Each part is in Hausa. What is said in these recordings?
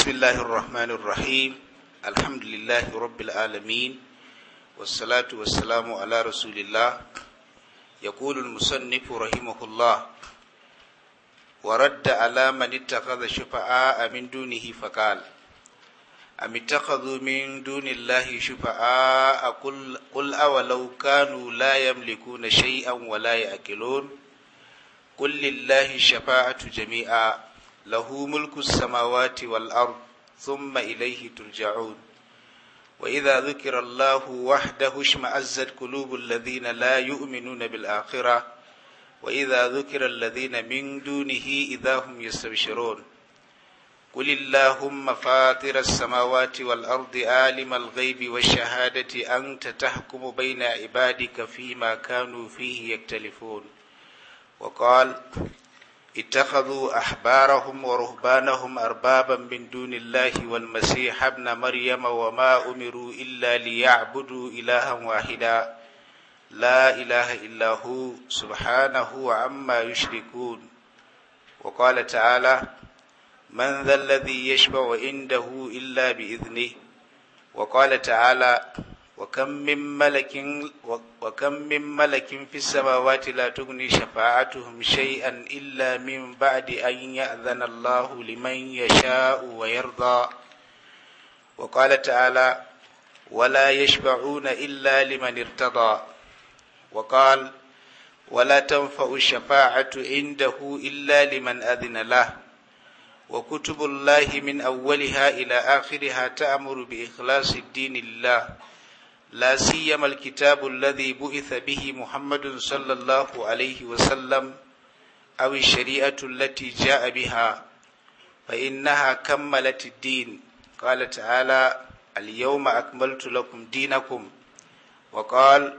بسم الله الرحمن الرحيم الحمد لله رب العالمين والصلاة والسلام على رسول الله يقول المصنف رحمه الله ورد على من اتخذ شفعاء من دونه فقال أم اتخذوا من دون الله شفعاء قل, قل أولو كانوا لا يملكون شيئا ولا يأكلون قل لله الشفاعة جميعا له ملك السماوات والأرض ثم إليه ترجعون وإذا ذكر الله وحده اشمأزت قلوب الذين لا يؤمنون بالآخرة وإذا ذكر الذين من دونه إذا هم يستبشرون قل اللهم فاطر السماوات والأرض عالم الغيب والشهادة أنت تحكم بين عبادك فيما كانوا فيه يختلفون وقال اتخذوا احبارهم ورهبانهم اربابا من دون الله والمسيح ابن مريم وما امروا الا ليعبدوا الها واحدا لا اله الا هو سبحانه عما يشركون وقال تعالى من ذا الذي يشبع عنده الا باذنه وقال تعالى وكم من ملك وكم من ملك في السماوات لا تغني شفاعتهم شيئا إلا من بعد أن يأذن الله لمن يشاء ويرضى وقال تعالى ولا يشفعون إلا لمن ارتضى وقال ولا تنفع الشفاعة عنده إلا لمن أذن له وكتب الله من أولها إلى آخرها تأمر بإخلاص الدين لله لا سيما الكتاب الذي بعث به محمد صلى الله عليه وسلم أو الشريعة التي جاء بها فإنها كملت الدين قال تعالى اليوم أكملت لكم دينكم وقال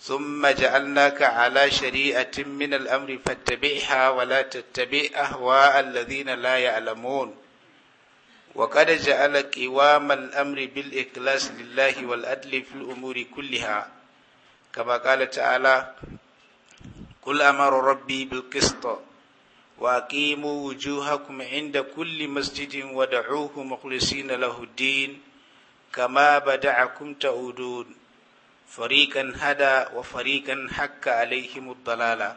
ثم جعلناك على شريعة من الأمر فاتبعها ولا تتبع أهواء الذين لا يعلمون وقد جعل قوام الأمر بالإخلاص لله والأدل في الأمور كلها كما قال تعالى قل أمر ربي بالقسط وأقيموا وجوهكم عند كل مسجد ودعوه مخلصين له الدين كما بدعكم تعودون فريقا هدى وفريقا حق عليهم الضلاله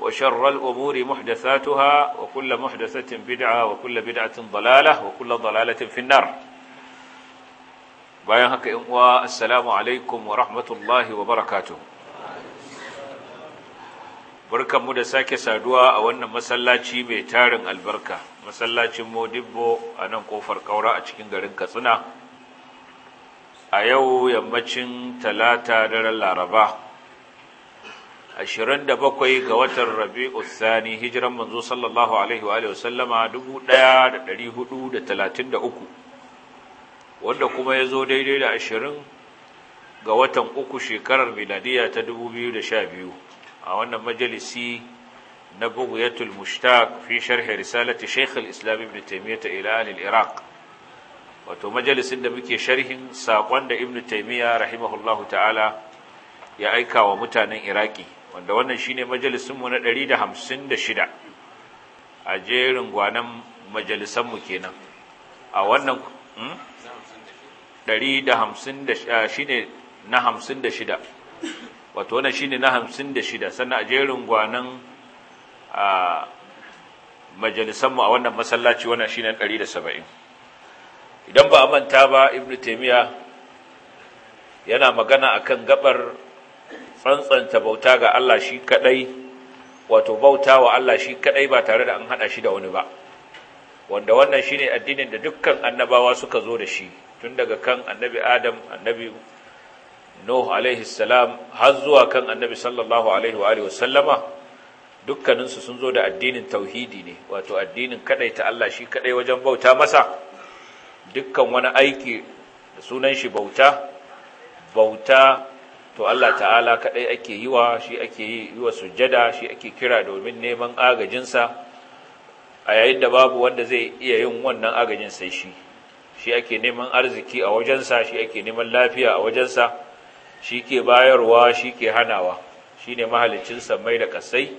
وشر الأمور محدثاتها وكل محدثة بدعة وكل بدعة ضلالة وكل ضلالة في النار bayan haka in uwa asalamu alaikum wa rahmatullahi wa barakatuh barkanmu da sake saduwa a wannan masallaci mai tarin albarka masallacin modibbo a nan kofar ƙaura a cikin garin katsina a yau yammacin talata daren laraba ashirin da bakwai ga watan rabi'u thani hijiran manzo sallallahu alaihi wa sallama dubu ɗaya da dari hudu da talatin da uku wanda kuma ya zo daidai da ashirin ga watan uku shekarar miladiya ta dubu biyu da sha biyu a wannan majalisi na bugiyatul mushtaq fi sharhi risalati shaykh islami islam ibn taymiyyah ta al-iraq wato majalisin da muke sharhin saƙon da ibn Taimiyya rahimahullahu ta'ala ya aika wa mutanen iraki wanda wannan shine majalisinmu na 156 a jerin gwanan majalisanmu kenan a wannan 150 hmm? shine na 56 wato wannan shine na 56 sannan a jerin gwanan a majalisanmu a wannan masallaci wannan shine 170 idan ba a manta ba ibnu taymiya yana magana akan gabar tsantsanta bauta ga Allah shi kadai wato bauta wa Allah shi kadai ba tare da an hada shi da wani ba wanda wannan shine addinin da dukkan annabawa suka zo da shi tun daga kan annabi Adam annabi Nuh alaihi salam har zuwa kan annabi sallallahu alaihi wa alihi wasallama dukkaninsu sun zo da addinin tauhidi ne wato addinin kadai ta Allah shi kadai wajen bauta masa dukkan wani aiki da sunan shi bauta bauta to Allah ta'ala kadai ake yi wa shi ake yi wa sujjada shi ake kira domin neman agajinsa a yayin da babu wanda zai iya yin wannan agajin sai shi shi ake neman arziki a wajensa shi ake neman lafiya a wajensa shi ke bayarwa shi ke hanawa shi ne mahalicin sammai da ƙasai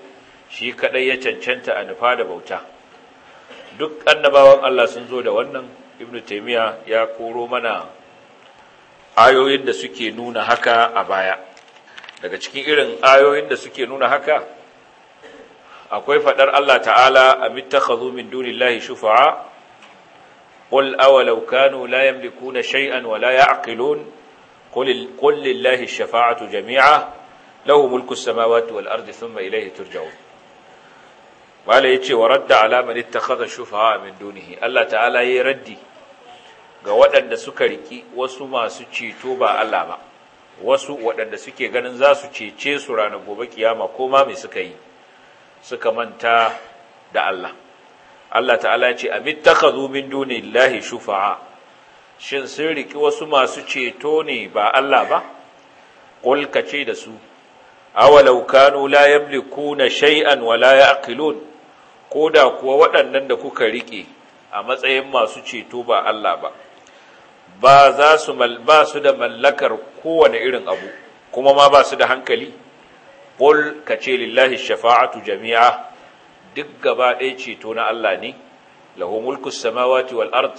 shi kadai ya cancanta a nufa da bauta duk annabawan Allah sun zo da wannan ibnu taymiya ya koro mana ayoyin da suke nuna haka a baya daga cikin irin ayoyin da suke nuna haka akwai fadar Allah ta'ala amittakhadhu min dunillahi shufa'a qul awalau kanu la yamlikuna shay'an wa la ya'qilun qul qul lillahi ash-shafa'atu jami'a lahu mulku as-samawati wal ardi thumma ilayhi turja'un wala yace wa radda ala man ittakhadha shufa'a min dunihi Allah ta'ala yayi raddi ga waɗanda suka riki wasu masu ceto ba Allah ba wasu waɗanda suke ganin za su cece su ranar gobe kiyama ko ma mai suka yi suka manta da Allah Allah ta'ala ce zo min dunillahi shufa'a shin sun riki wasu masu ceto ne ba Allah ba qul kace da su awalau kanu la yamlikuna shay'an wa la yaqilun koda kuwa waɗannan da kuka riƙe a matsayin masu ceto ba Allah ba ba za su ba su da mallakar kowane irin abu kuma ma ba su da hankali qul ce, lillahi shafa'atu jami'a duk gaba ɗaya ceto na Allah ne lahu mulku samawati wal ard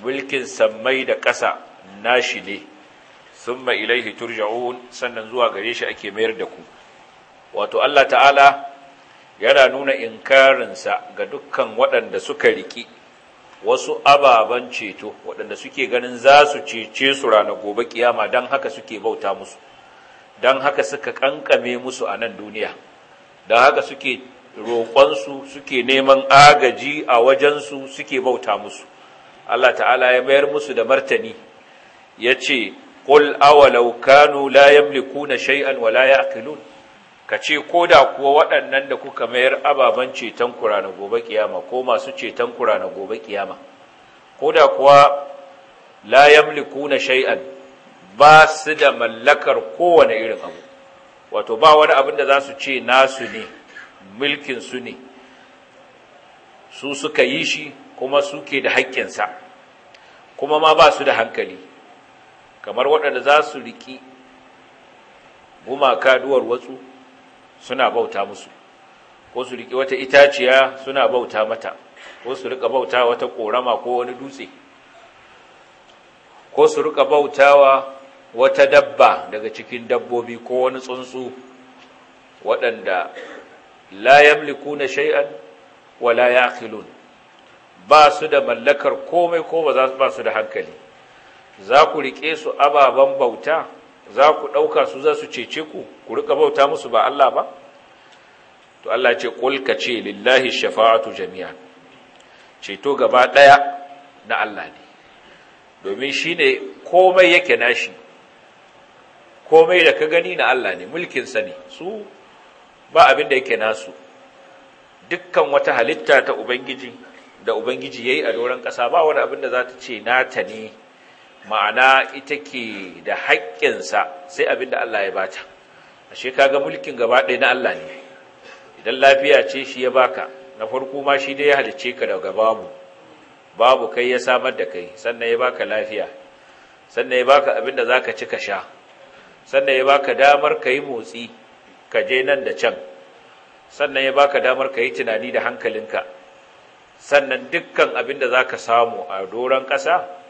mulkin sammai da ƙasa nashi ne thumma ilayhi turja'un sannan zuwa gare shi ake mayar da ku wato Allah ta'ala yana nuna inkarinsa ga dukkan waɗanda suka riki wasu ababen ceto waɗanda suke ganin za su cece su ranar gobe kiyama don haka suke bauta musu don haka suka ƙanƙame musu a nan duniya don haka suke roƙonsu suke neman agaji a wajensu suke bauta musu Allah ta'ala ya mayar musu da martani ya ce ƙul awalau kanu la na shai'an wala ya ya'qilun ka ce ko da kuwa waɗannan da kuka mayar ababen ceton kura na gobe kiyama ko masu ceton kura na gobe kiyama ko da kuwa la yamliku na shay'an ba su da mallakar kowane irin abu wato ba wani abin da za su ce nasu ne mulkin su ne su suka yi shi kuma suke da haƙƙinsa kuma ma ba su da hankali kamar waɗanda za su riƙi gumaka duwar watsu suna bauta musu ko su riƙe wata itaciya suna bauta mata ko su riƙa bauta wata ƙorama ko wani dutse ko su riƙa bautawa wata dabba daga cikin dabbobi ko wani tsuntsu waɗanda la yamlikuna shay'an wa la yaqilun ba su da mallakar komai ko ba za su ba su da hankali za ku riƙe su ababen bauta za ku ɗauka su za su cece ku ku rika bauta musu ba Allah ba to Allah ce kulka ce lillahi shafa'atu jami'a ceto gaba ɗaya na Allah ne domin shi ne komai yake nashi komai da ka gani na Allah ne mulkinsa ne su ba abin da yake nasu dukkan wata halitta ta Ubangiji da Ubangiji ya yi a doron ƙasa ba wani abin da za ta ce ta ne ma'ana ita ke da haƙƙinsa sai abin da Allah ya bata a ashe kaga mulkin gaba ɗaya na Allah ne idan lafiya ce shi ya baka na farko ma shi dai ya halicce ka daga babu babu kai ya samar da kai sannan ya baka lafiya sannan ya baka abin da zaka ci ka sha sannan ya baka damar ka yi motsi ka je nan da can sannan ya baka damar ka yi tunani da hankalinka sannan dukkan abin da zaka samu a doron ƙasa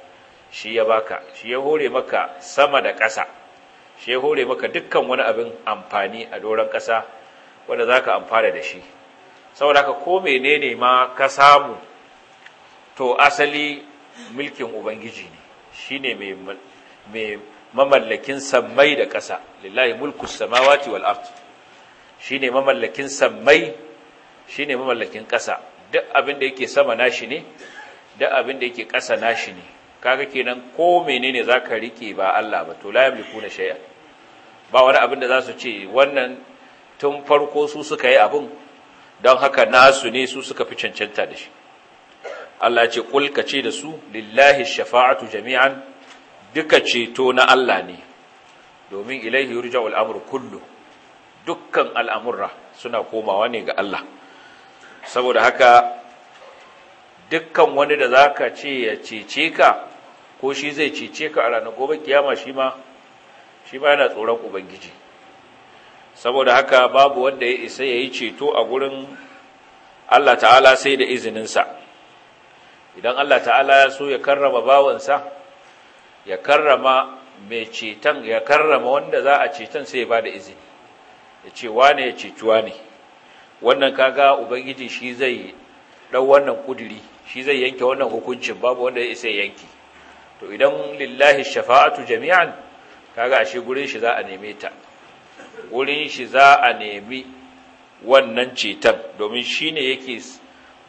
shi ya baka shi ya hore maka sama da ƙasa shi ya hore maka dukkan wani abin amfani a doron ƙasa wanda za ka amfana da shi saboda haka ko menene ma ka samu to asali mulkin ubangiji ne shi ne mai mamallakin sammai da ƙasa lillahi mulku samawati wal ard shi ne mamallakin sammai shi ne mamallakin ƙasa duk abin da yake sama nashi ne duk abin da yake ƙasa nashi ne kaga kenan ko menene zaka rike ba Allah ba to la yamlikuna shay'a ba wani abin da zasu ce wannan tun farko su suka yi abin don haka nasu ne su suka fi cancanta da shi Allah ce kulka ce da su lillahi shafa'atu jami'an duka ceto na Allah ne domin ilaihi yurja'u al'amru kullu dukkan al'amurra suna komawa ne ga Allah saboda haka dukkan wani da zaka ce ya cece ka ko shi zai cece ka a ranar gobe kiyama shi ma shi ma yana tsoron ubangiji saboda haka babu wanda ya isa ya yi ceto a gurin Allah ta'ala sai da izininsa idan Allah ta'ala ya so ya karrama bawansa ya karrama mai ceton ya karrama wanda za a ceton sai ya ba izini ya ce wane ya cetuwa ne wannan kaga ubangiji shi zai dau wannan kudiri shi zai yanke wannan hukuncin babu wanda ya isa ya yanke. to idan lillahi shafa'atu jami'an kaga ashe gurin shi za a neme ta gurin shi za a nemi wannan ceton domin shine yake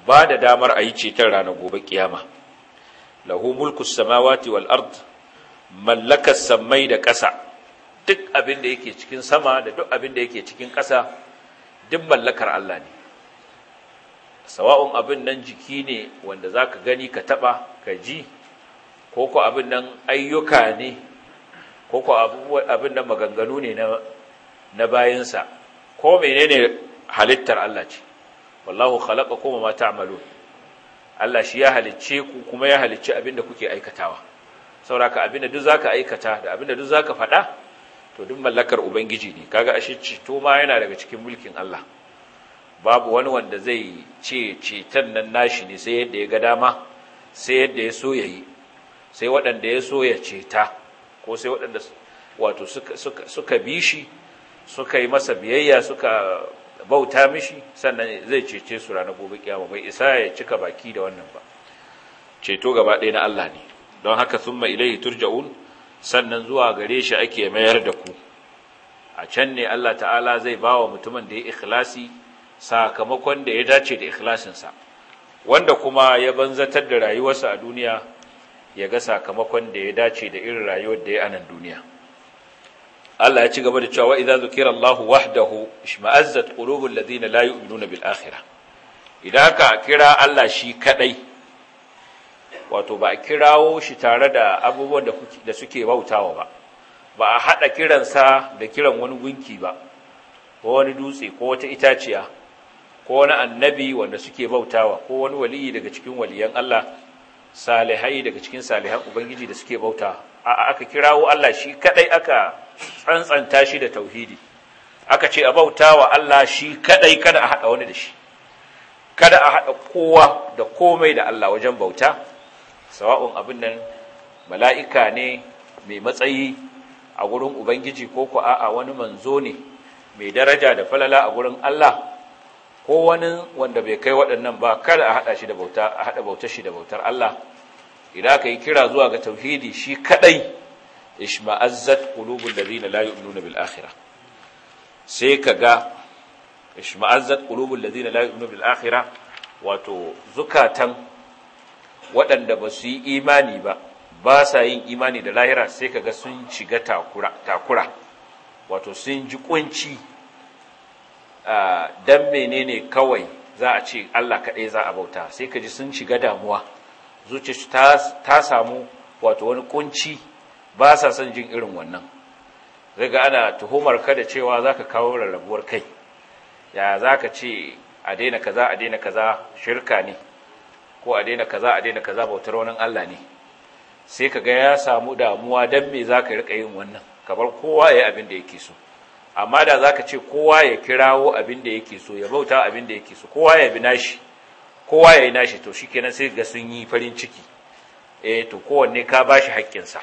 ba da damar a yi ceton ranar gobe kiyama lahu mulku samawati wal ard Mallaka, samai da ƙasa duk abin da yake cikin sama da duk abin da yake cikin ƙasa duk mallakar Allah ne sawa'un abin nan jiki ne wanda zaka gani ka taba ka ji ko ko abin nan ayyuka ne ko ko abin nan maganganu ne na bayansa ko menene halittar Allah ce wallahu khalaqa kuma ma ta'malun Allah shi ya halicce ku kuma ya halicce abinda kuke aikatawa sauraka abin da duk zaka aikata da abinda da duk zaka faɗa to duk mallakar ubangiji ne kaga ashe to ma yana daga cikin mulkin Allah babu wani wanda zai ce ceton nan nashi ne sai yadda ya ga dama sai yadda ya so yayi sai waɗanda ya so ya ceta ko sai waɗanda wato suka bi shi suka yi masa biyayya suka bauta mishi sannan zai cece su ranar gobe kiyama bai isa ya cika baki da wannan ba ceto gaba ɗaya na Allah ne don haka sun mai ilai turja'un sannan zuwa gare shi ake mayar da ku a can ne Allah ta'ala zai ba wa mutumin da ya ikhlasi sakamakon da ya dace da ikhlasinsa wanda kuma ya banzatar da rayuwarsa a duniya ya ga sakamakon da ya dace da irin rayuwar da ya anan duniya Allah ya ci gaba da cewa idza zukira Allahu wahdahu ishma'azzat qulubul ladina la yu'minuna bil akhirah idan ka kira Allah shi kadai wato ba a kirawo shi tare da abubuwan da suke bautawa ba ba a hada sa da kiran wani gunki ba ko wani dutse ko wata itaciya ko wani annabi wanda suke bautawa ko wani waliyi daga cikin waliyan Allah salihai daga cikin salihan ubangiji da suke bauta aka kirawo Allah shi kadai aka tsantsanta shi da tauhidi aka ce a bauta wa Allah shi kadai kada a haɗa wani da shi kada a haɗa kowa da komai da Allah wajen bauta sawa'un abin nan mala'ika ne mai matsayi a gurin ubangiji ko ku a'a wani manzo ne mai daraja da falala a gurin Allah ko wani wanda bai kai waɗannan ba kada a haɗa shi da bauta a haɗa bautar shi da bautar Allah idan ka yi kira zuwa ga tauhidi shi kadai ishma'azzat qulubul ladina la yu'minuna bil akhirah sai kaga ishma'azzat qulubul ladina la yu'minuna bil akhirah wato zukatan waɗanda ba su yi imani ba ba sa yin imani da lahira sai kaga sun shiga takura takura wato sun ji kunci dan menene kawai za a ce Allah kaɗai za a bauta sai ka ji sun shiga damuwa zuciyarsu ta samu wato wani kunci ba sa son jin irin wannan zaga ana tuhumar ka da cewa za ka kawo rarrabuwar kai ya za ka ce a daina kaza a daina kaza shirka ne ko a daina kaza a daina kaza bautar wani Allah ne sai ka ga ya samu damuwa dan me za ka riƙa yin wannan Kamar kowa ya yi abin da yake so amma da zaka ce kowa ya kirawo abin da yake so ya bauta abin da yake so kowa ya bi nashi kowa ya yi nashi to shikenan sai ga sun yi farin ciki eh to kowanne ka bashi haƙƙinsa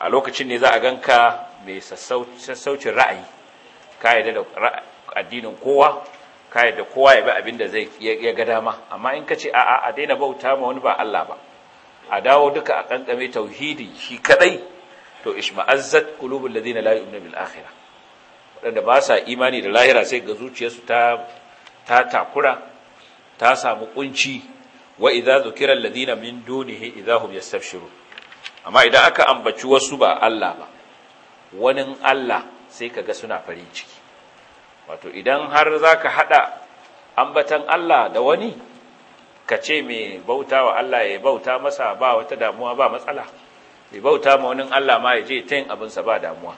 a lokacin ne za a gan ka mai sassaucin ra'ayi ka yi da addinin kowa ka da kowa ya bi abin da zai ya ga dama amma in ka ce a'a a daina bauta ma wani ba Allah ba a dawo duka a kankame tauhidi shi kaɗai to ishma'azzat qulubul ladina la yu'minu bil akhirah waɗanda ba sa imani da lahira sai ga zuciyarsu ta ta takura ta samu kunci wa idza zukira alladina min dunihi idza hum yastabshiru amma idan aka ambaci wasu ba Allah ba wani Allah sai kaga suna farin ciki wato idan har zaka hada ambatan Allah da wani ka ce mai bauta wa Allah ya bauta masa ba wata damuwa ba matsala ya bauta ma wani Allah ma ya je ta yin abinsa ba damuwa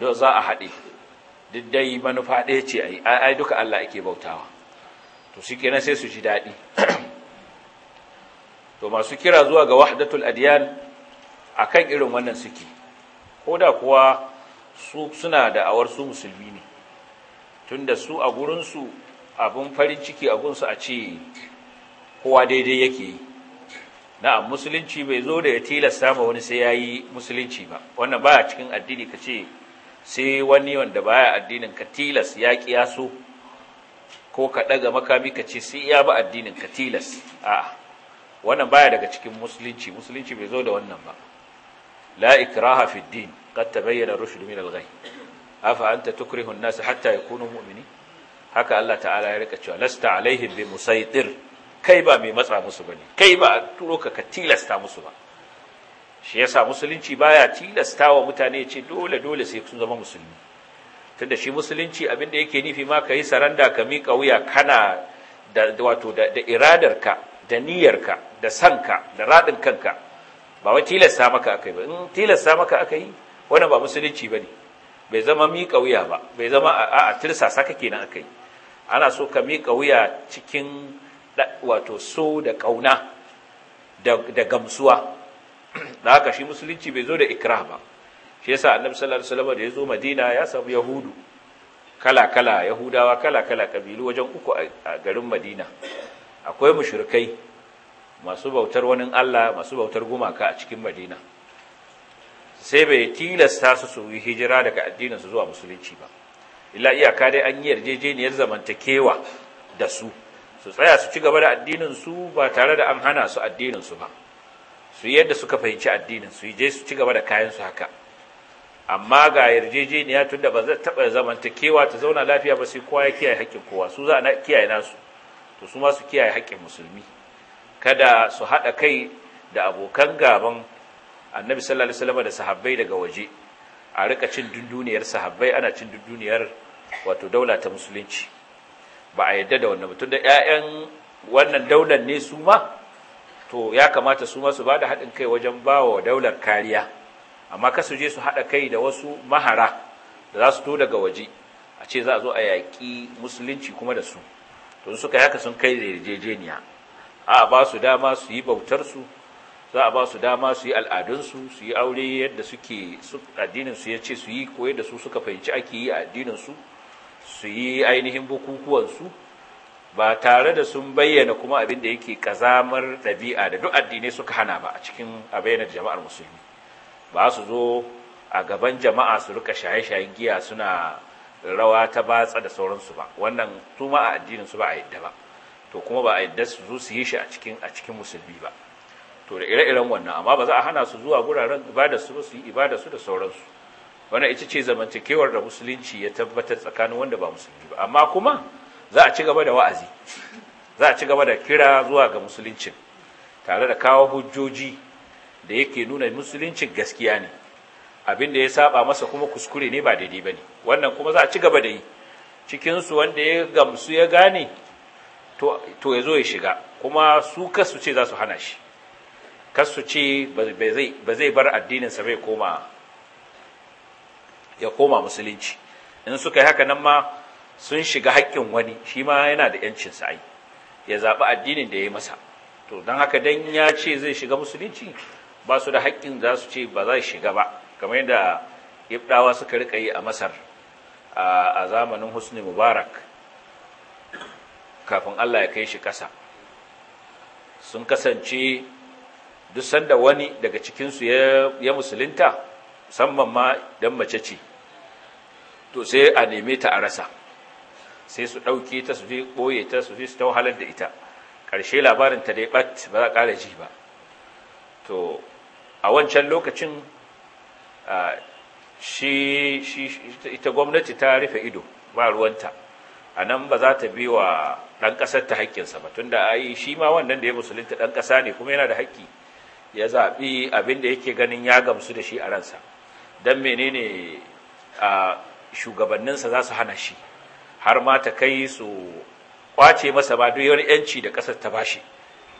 don za a haɗe duk manufa ɗaya ce a yi. ai duka Allah ake bautawa to kenan sai su ji daɗi to masu kira zuwa ga wahdatul adyan akan irin wannan suke ko da kuwa su suna da awar su musulmi ne tunda su a gurinsu abin farin ciki a gunsu a ce kowa daidai yake yi na'am musulunci bai zo da ya tilasta ma wani sai yayi musulunci ba wannan ba cikin addini kace sai wani wanda baya addinin ka tilas ya kiyaso ko ka daga makami ka ce sai ya ba addinin ka tilas a'a wannan baya daga cikin musulunci musulunci bai zo da wannan ba la ikraha fi din qad tabayyana rushd min al-ghay afa anta tukrihu an-nas hatta yakunu mumini haka Allah ta'ala ya rika cewa lasta alaihim bi musaytir kai ba mai matsa musu bane kai ba turo ka ka tilasta musu ba shi yasa musulunci baya tilasta wa mutane ce dole dole sai sun zama musulmi tunda shi musulunci abin da yake nufi ma kayi saranda ka mika wuya kana da wato da iradarka da niyyarka da sanka da raɗin kanka ba wai tilasta maka aka ba in tilasta maka aka wannan ba musulunci ba ne bai zama miƙa wuya ba bai zama a tirsasa kake kenan akai ana so ka mika wuya cikin wato so da ƙauna da gamsuwa da haka shi musulunci bai zo da ikrah ba shi yasa annabi sallallahu alaihi wasallam da ya madina ya samu yahudu kala kala yahudawa kala kala kabilu wajen uku a garin madina akwai mushrikai masu bautar wani Allah masu bautar gumaka a cikin madina sai bai tilasta su su yi hijira daga addinin su zuwa musulunci ba illa iyaka dai an yi yarjejeniyar zamantakewa da su su tsaya su ci gaba da addinin su ba tare da an hana su addinin su ba su yi yadda suka fahimci addinin su je su ci gaba da kayan su haka amma ga yarjejeniya tun da ba zai taɓa zaman ta zauna lafiya ba sai kowa ya kiyaye haƙƙin kowa su za a kiyaye nasu to su ma su kiyaye haƙƙin musulmi kada su haɗa kai da abokan gaban annabi sallallahu alaihi wasallam da sahabbai daga waje a rika cin dunduniyar sahabbai ana cin dunduniyar wato daula ta musulunci ba a yadda da wannan mutum da ƴaƴan wannan daular ne su ma to ya kamata su masu ba da haɗin kai wajen ba wa daular kariya amma kasu je su haɗa kai da wasu mahara da za su to daga waje a ce za a zo a yaƙi musulunci kuma da su to suka haka sun kai da yarjejeniya a ba su dama su yi su za a ba su dama su yi al'adunsu su yi aure yadda suke addininsu ya ce su yi ko yadda su suka fahimci ake yi a addininsu su yi ainihin bukukuwansu ba tare da sun bayyana kuma abin da yake kazamar ɗabi'a da duk addinai suka hana ba a cikin a jama'ar musulmi ba su zo a gaban jama'a su rika shaye-shayen giya suna rawa ta batsa da sauransu ba wannan su ma a addinin su ba a yadda ba to kuma ba a yadda su zo su yi shi a cikin a cikin musulmi ba to da ire-iren wannan amma ba za a hana su zuwa guraren ibada su su yi ibada su da sauransu wannan ita ce zamantakewar da musulunci ya tabbatar tsakanin wanda ba musulmi ba amma kuma za a ci gaba da wa'azi za a ci gaba da kira zuwa ga musuluncin tare da kawo hujjoji da yake nuna musuluncin gaskiya ne abin da ya saba masa kuma kuskure ne ba daidai ne. wannan kuma za a ci gaba da yi cikin su wanda ya gamsu ya gane to to yazo ya shiga kuma su kasu ce za su hana shi kasu ce ba zai bar addinin sa bai koma ya koma musulunci in suka yi haka nan ma sun shiga haƙƙin wani shi ma yana da yancin sa ya zaɓi addinin da ya yi masa to don haka dan ya ce zai shiga musulunci ba su da haƙƙin za su ce ba za su shiga ba kamar yadda ibdawa suka rika yi a masar a zamanin husni mubarak kafin allah ya kai shi ƙasa sun kasance duk sanda wani daga cikinsu ya musulunta musamman ma don mace ce to sai a neme ta a rasa sai su ɗauke ta su je ɓoye ta su su ta wahalar da ita ƙarshe labarin ta dai ɓat ba za ƙara ji ba to a wancan lokacin shi ita gwamnati ta rufe ido ba ruwanta a nan ba za ta bi wa ɗan ƙasar ta haƙƙinsa ba tunda ai shi ma wannan da ya musulunta ɗan ƙasa ne kuma yana da haƙƙi ya zaɓi abin da yake ganin ya gamsu da shi a ransa don menene shugabanninsa za su hana shi har ma ta kai su kwace masa ba duk wani yanci da ƙasar ta bashi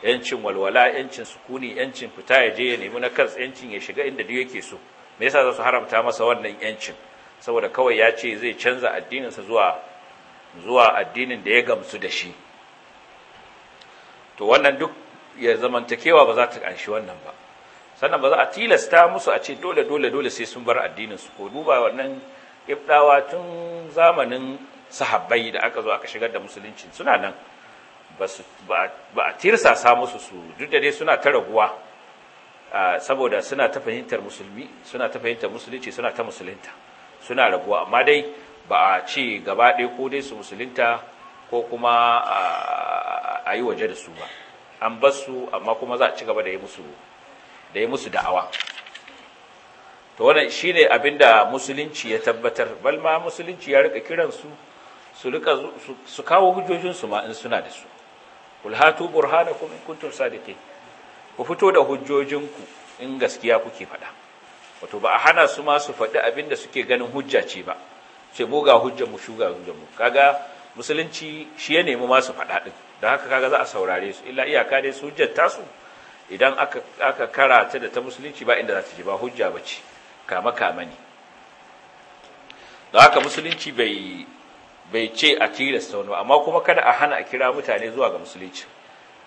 yancin walwala yancin sukuni yancin fita ya je ya nemi na kansa yancin ya shiga inda duk yake so me yasa za su haramta masa wannan yancin saboda kawai ya ce zai canza addininsa zuwa zuwa addinin da ya gamsu da shi to wannan duk ya zamantakewa ba za ta ƙanshi wannan ba sannan ba za a tilasta musu a ce dole dole dole sai sun bar addinin su ko duba wannan ibdawa tun zamanin sahabbai da aka zo aka shigar da musulunci suna nan ba a tirsasa musu su duk da dai suna ta raguwa saboda suna ta fahimtar musulmi suna ta fahimtar musulunci suna ta musulunta suna raguwa amma dai ba a ce gaba ɗaya ko dai su musulunta ko kuma a yi waje da su ba an bar su amma kuma za a ci gaba da yi musu da yi musu da'awa to wannan shine abinda musulunci ya tabbatar balma musulunci ya rika kiransu su kawo hujjojinsu ma in suna da su kul burhanakum in kuntum sadiqin ku fito da hujjojinku in gaskiya kuke faɗa wato ba a hana su ma su faɗi abin da suke ganin hujja ce ba ce mu ga hujjar mu shuga hujjar mu kaga musulunci shi ya nemi ma su faɗa din da haka kaga za a saurare su illa iyaka dai su hujjar tasu idan aka karata da ta musulunci ba inda za ta ji ba hujja ba ce kama kama ne don haka musulunci bai bai ce a tilasta wani amma kuma kada a hana a kira mutane zuwa ga musulunci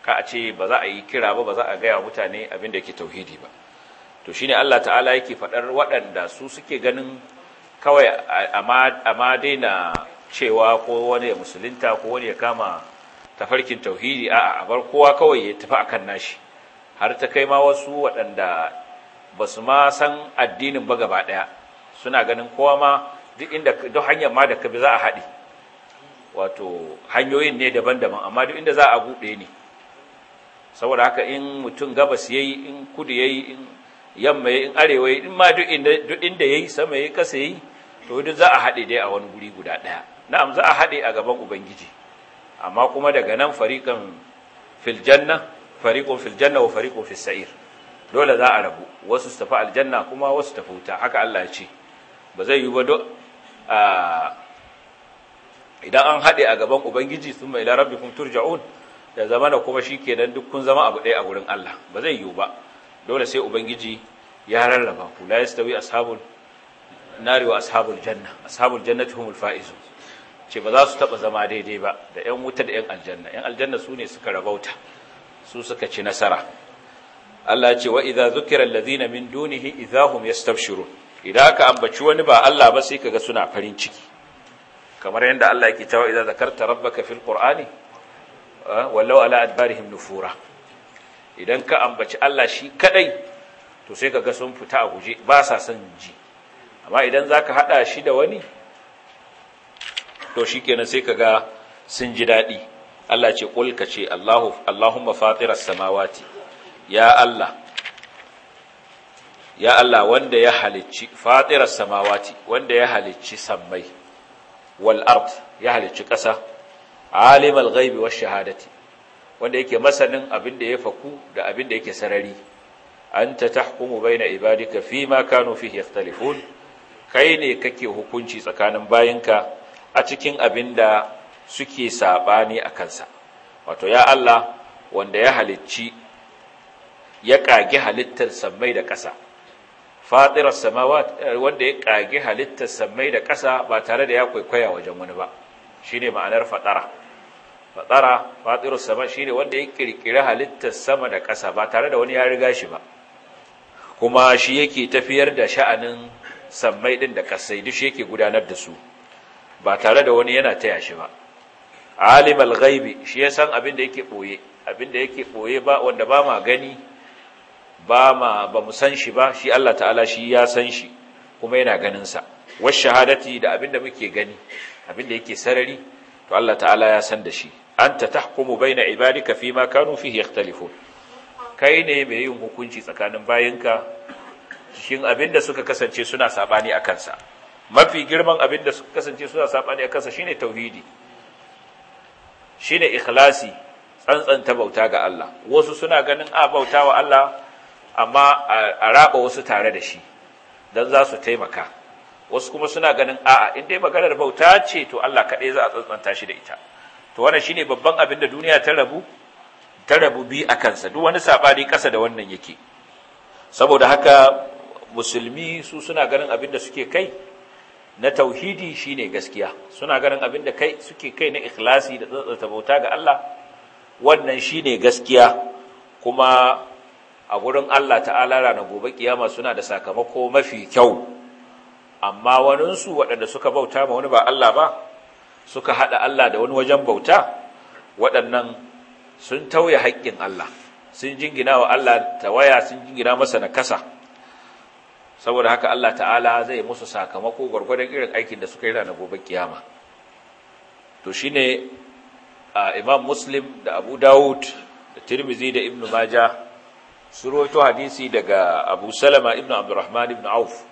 ka a ce ba za a yi kira ba ba za a gaya mutane abin da yake tauhidi ba to shine Allah ta'ala yake faɗar waɗanda su suke ganin kawai a ma daina cewa ko wani ya musulunta ko wani ya kama tafarkin tauhidi a a bar kowa kawai ya tafi akan nashi har ta kai ma wasu waɗanda ba su ma san addinin ba gaba ɗaya suna ganin kowa ma duk inda duk hanyar ma da ka bi za a haɗi wato hanyoyin ne daban-daban amma duk inda za a buɗe ne saboda haka in mutum gabas yayi in kudu yayi in yamma yayi in arewa yayi in ma duk inda duk inda yayi sama yayi kasa yayi to duk za a haɗe dai a wani guri guda ɗaya na'am za a haɗe a gaban ubangiji amma kuma daga nan fariqan fil janna wa fariqun fis dole za a rabu wasu su tafi aljanna kuma wasu tafi wuta haka Allah ya ce ba zai yi ba duk ah, idan an haɗe a gaban ubangiji sun mai larabbi kun turja'un da zama da kuma shi kenan duk kun zama abu ɗaya a wurin Allah ba zai yiwu ba dole sai ubangiji ya rarraba ku la yastawi ashabul nari wa ashabul janna ashabul jannati humul faizun ce ba za su taba zama daidai ba da yan wuta da yan aljanna yan aljanna su ne suka rabauta su suka ci nasara Allah ce wa idza zukira alladhina min dunihi idza hum yastabshirun idan ka ambaci wani ba Allah ba sai kaga suna farin ciki kamar yadda Allah yake cewa idza zakarta rabbaka fil qur'ani wallau ala adbarihim nufura idan ka ambaci Allah shi kadai to sai kaga sun fita a guje ba sa son ji amma idan zaka hada shi da wani to shikenan sai kaga sun ji dadi Allah ce qul ka ce Allahu Allahumma fatiras samawati ya Allah ya Allah wanda ya halicci fatiras samawati wanda ya halicci sammai wal ard ya halicci ƙasa a ghaibi wa shahadati wanda yake masanin abin da ya faku da abin da yake sarari anta tahkumu baina ibadika fima kanu fihi yakhtalifun kai ne kake hukunci tsakanin bayinka a cikin abin da suke saɓani a kansa wato ya Allah wanda ya halicci ya kage halittar sammai da ƙasa fadirar samawat wanda ya kage halittar samai da ƙasa ba tare da ya kwaikwaya wajen wani ba shine ma'anar fadara fadara fadirar sama shine wanda ya ƙirƙiri halittar sama da ƙasa ba tare da wani ya riga shi ba kuma shi yake tafiyar da sha'anin samai din da kasai duk yake gudanar da su ba tare da wani yana taya shi ba alimul ghaibi shi ya san abin da yake boye abin da yake boye ba wanda ba ma gani ba ba mu san shi ba shi Allah ta'ala shi ya san shi kuma yana ganin sa was shahadati da abinda muke gani abinda yake sarari to Allah ta'ala ya san da shi anta tahkumu baina ibadika fima kanu fihi yakhtalifun kai ne mai yin hukunci tsakanin bayinka cikin abinda suka kasance suna sabani akan sa mafi girman abinda suka kasance suna sabani akan sa shine tauhidi shine ikhlasi tsantsanta bauta ga Allah wasu suna ganin a bautawa Allah amma a raba wasu tare da shi don za su taimaka wasu kuma suna ganin a'a in dai maganar bauta ce to Allah kaɗai za a tsantsanta shi da ita to wannan shine babban abin da duniya ta rabu ta rabu bi a kansa duk wani sabani ƙasa da wannan yake saboda haka musulmi su suna ganin abin da suke kai na tauhidi shine gaskiya suna ganin abin da kai suke kai na ikhlasi da tsantsanta bauta ga Allah wannan shine gaskiya kuma a wurin Allah ta'ala rana gobe kiyama suna da sakamako mafi kyau amma waninsu waɗanda suka bauta ma wani ba Allah ba suka haɗa Allah da wani wajen bauta waɗannan sun tauye haƙƙin Allah sun jingina wa Allah waya, sun jingina masa na kasa saboda haka Allah ta'ala zai musu sakamako gwargwadon irin aikin da suka yi ranar gobe kiyama to shi shine imam muslim da abu dawud da tirmizi da ibnu Maja. surwaito hadisi daga abu salama ibn abdurrahman ibn auf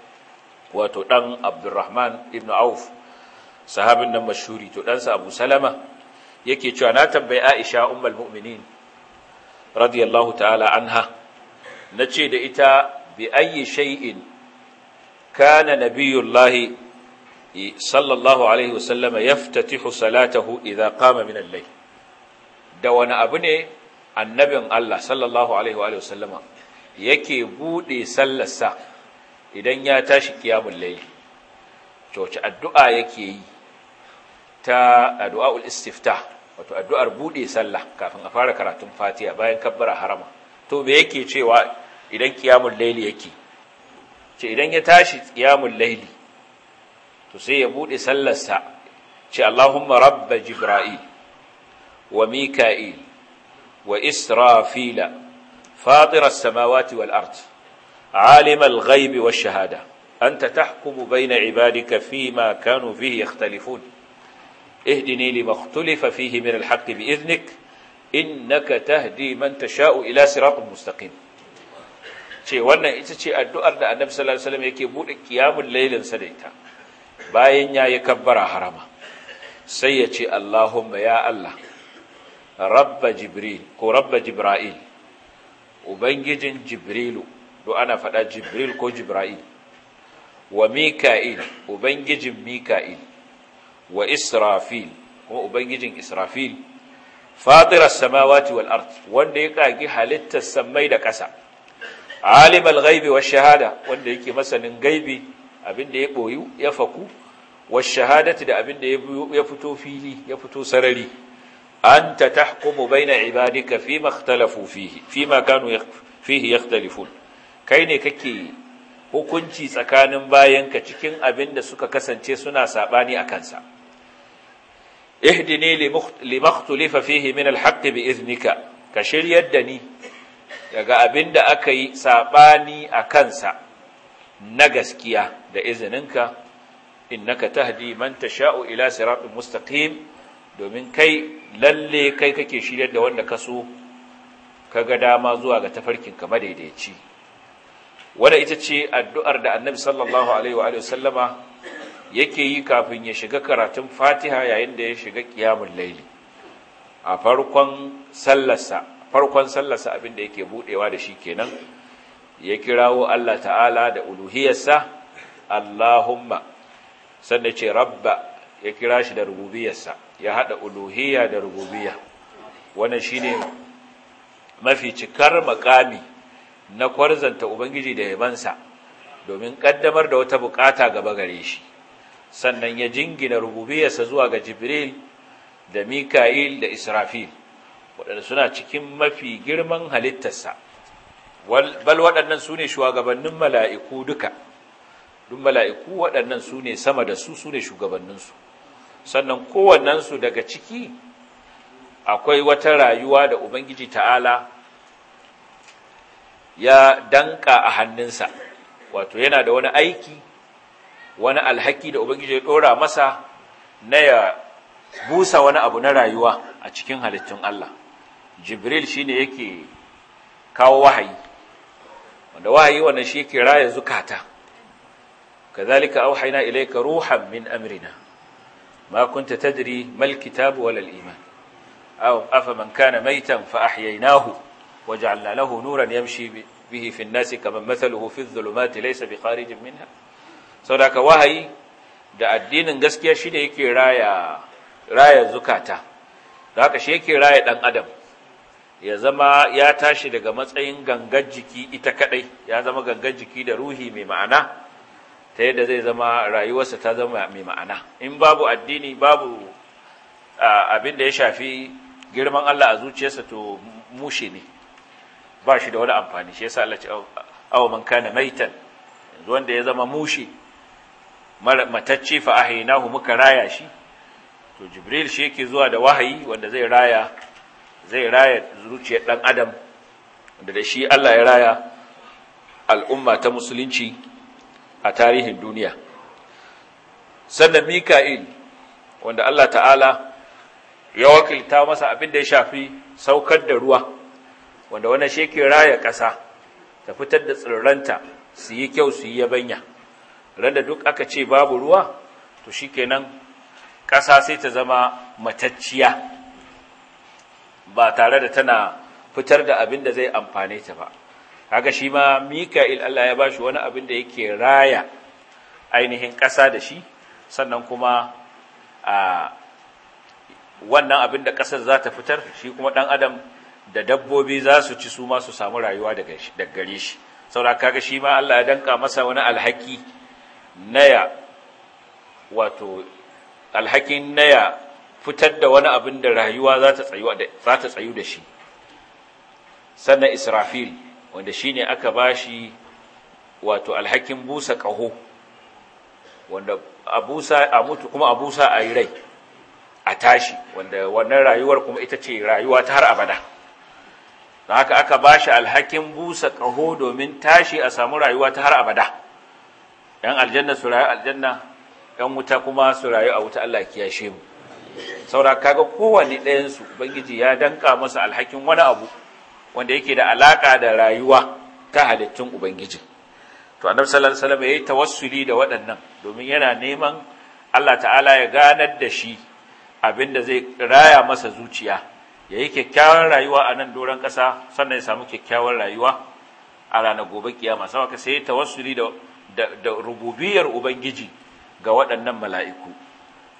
wato dan abdurrahman ibn auf sahabin nan mashuri to ɗansa abu salama yake cewa na tambayi aisha ummul mu'minin radiyallahu ta'ala anha nace da ita bi ayyi shay'in kana nabiyullahi sallallahu alaihi wasallam yaftatihu salatahu idza qama min al-layl da wani abu ne annabin Allah sallallahu alaihi wa sallama yake bude sallarsa idan ya tashi kiyamun layl to wace addu'a yake yi ta addu'aul istiftah wato addu'ar bude sallah kafin a fara karatun Fatiha bayan kabbara harama to me yake cewa idan kiyamun layl yake ce idan ya tashi kiyamun layl to sai ya bude sallarsa ce Allahumma Rabba jibril wa mika'il wa israfila fatira samawati wal ard alim al ghaib wa shahada anta tahkumu bayna ibadika fima kanu fihi yakhtalifun اهدني لما اختلف فيه من الحق بإذنك إنك تهدي من تشاء إلى صراط مستقيم ce wannan ita ce addu'ar da annabi sallallahu alaihi wasallam yake bude kiyamul lailin sa da ita bayan yayi kabbara harama sai ya ce Allahumma ya Allah rabba jibril ko rabba jibra'il ubangijin jibrilu do ana faɗa jibril ko jibra'il wa mika'il ubangijin mika'il wa israfil kuma ubangijin israfil fadirar samawati wal art wanda ya ƙagi halittar samai da ƙasa alimal gaibi wa shahada wanda yake masanin gaibi abin da ya ɓoyu ya faku wa shahadati da abin da ya fito fili ya fito sarari anta tahkumu baina ibadika fima ikhtalafu fihi fima kanu fihi yakhtalifun kai ne kake hukunci tsakanin bayanka cikin abin da suka kasance suna sabani a kansa ihdini limaktulifa fihi min alhaqqi bi iznika ka shiryar da ni daga abin da aka yi saɓani a kansa na gaskiya da izininka innaka tahdi man tasha'u ila siratin mustaqim domin kai lalle kai kake shiryar da wanda ka so ka ga dama zuwa ga tafarkin, tafarkinka madaidaici wadda ita ce addu'ar da annabi sallallahu alaihi wa sallama yake yi kafin ya shiga karatun fatiha yayin da ya shiga ƙiyamun laili a farkon sallarsa farkon sallasa yake budewa da shi kenan ya kirawo Allah ta'ala da uluhiyarsa Allahumma sannan ce rabba ya kira shi da rububiyarsa ya haɗa uluhiyya da rububiyya wannan shine mafi cikar makami na kwarzanta ubangiji da yabansa domin ƙaddamar da wata bukata gaba gare shi sannan ya jingina rububiyarsa zuwa ga jibril da mika'il da israfil waɗanda suna cikin mafi girman halittarsa bal waɗannan su ne shugabannin mala'iku duka duk mala'iku waɗannan su ne sama da su su ne shugabanninsu sannan kowannensu daga ciki akwai wata rayuwa da ubangiji ta'ala ya danka a hannunsa wato yana da wani aiki wani alhaki da ubangiji ya ɗora masa na ya busa wani abu na rayuwa a cikin halittun Allah jibril shine yake kawo wahayi wanda wahayi wannan shi yake raya zukata kazalika auhayna ilaika ruhan min amrina ma kunta tadri mal kitabu iman aw afa man maitan fa ahyaynahu waj'alna lahu nuran yamshi bihi fi an-nas kaman mathaluhu fi adh-dhulumati laysa bi wahayi da addinin gaskiya shi da yake raya zukata da haka shi yake raya dan adam ya zama ya tashi daga matsayin gangar jiki ita kadai ya zama gangar jiki da ruhi mai ma'ana ta yadda zai zama rayuwarsa ta zama mai ma'ana in babu addini babu abin da ya shafi girman Allah a zuciyarsa to mushe ne ba shi da wani amfani shi yasa Allah ce awa man kana maitan wanda ya zama mushe matacce fa ahinahu muka raya shi to jibril shi yake zuwa da wahayi wanda zai raya zai raya zuciyar dan adam wanda da shi Allah ya raya al'umma ta musulunci a tarihin duniya sannan mika'il wanda Allah ta'ala ya wakilta masa abin da ya shafi saukar da ruwa wanda wannan sheke raya ƙasa ta fitar da tsirranta su yi kyau su yi yabanya randa duk aka ce babu ruwa to shi kenan ƙasa sai ta zama matacciya ba tare da tana fitar da abin da zai amfane ta ba kaga shi ma mika'il Allah ya bashi wani abin da yake raya ainihin ƙasa da shi sannan kuma a wannan abin da ƙasar za ta fitar shi kuma ɗan adam da dabbobi za su ci su ma su samu rayuwa daga gare shi saura kaga shi ma Allah ya danka masa wani alhaki naya wato alhakin naya fitar da wani abin da rayuwa za ta tsayu da shi sannan israfil wanda ne aka bashi wato alhakin busa ƙaho wanda abusa a mutu kuma a yi rai a tashi wanda wannan rayuwar kuma ita ce rayuwa ta har abada don haka aka bashi alhakin busa ƙaho domin tashi a samu rayuwa ta har abada ‘yan aljanna su rayu aljanna ‘yan wuta kuma su rayu a wuta Allah kiyashe mu saura kaga kowane ɗayansu ubangiji ya danka masa alhakin wani abu wanda yake da alaka da rayuwa ta halittun ubangiji to annabi sallallahu alaihi wasallam yayi tawassuli da waɗannan domin yana neman Allah ta'ala ya ganar da shi abinda zai raya masa zuciya ya yi kyakkyawar rayuwa a nan doron ƙasa sannan ya samu kyakkyawan rayuwa a ranar gobe kiyama ka sai tawassuli da da rububiyar ubangiji ga waɗannan mala'iku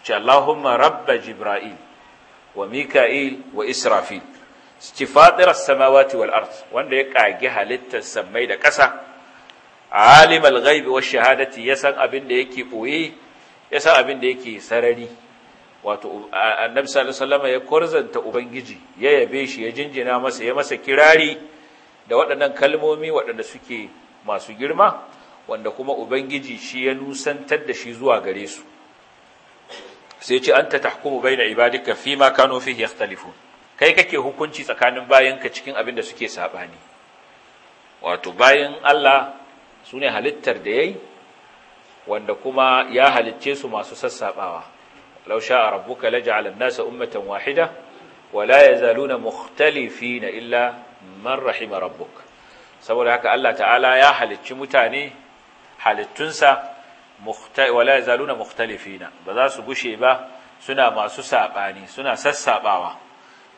ce Allahumma rabba jibrail wa mika'il wa israfil ci samawati wal ard wanda ya kage halittar sammai da ƙasa alimul ghaibi wash shahadati yasan abin da yake boye san abin da yake sarari wato annabi sallallahu alaihi wasallam ya korzanta ubangiji ya yabe shi ya jinjina masa ya masa kirari da waɗannan kalmomi waɗanda suke masu girma wanda kuma ubangiji shi ya nusantar da shi zuwa gare su sai ce anta tahkumu baina ibadika ma, kano fihi yakhtalifun kai kake hukunci tsakanin bayanka cikin abin da suke saɓani wato bayan Allah su ne halittar da ya yi wanda kuma ya halicce su masu sassaɓawa Lausha a rabbuka la ja'ala ummatan wahida wa la yazaluna mukhtalifina illa man rahima rabbuk saboda haka Allah ta'ala ya halicci mutane halittunsa wa la yazaluna mukhtalifina ba za su gushe ba suna masu saɓani suna sassaɓawa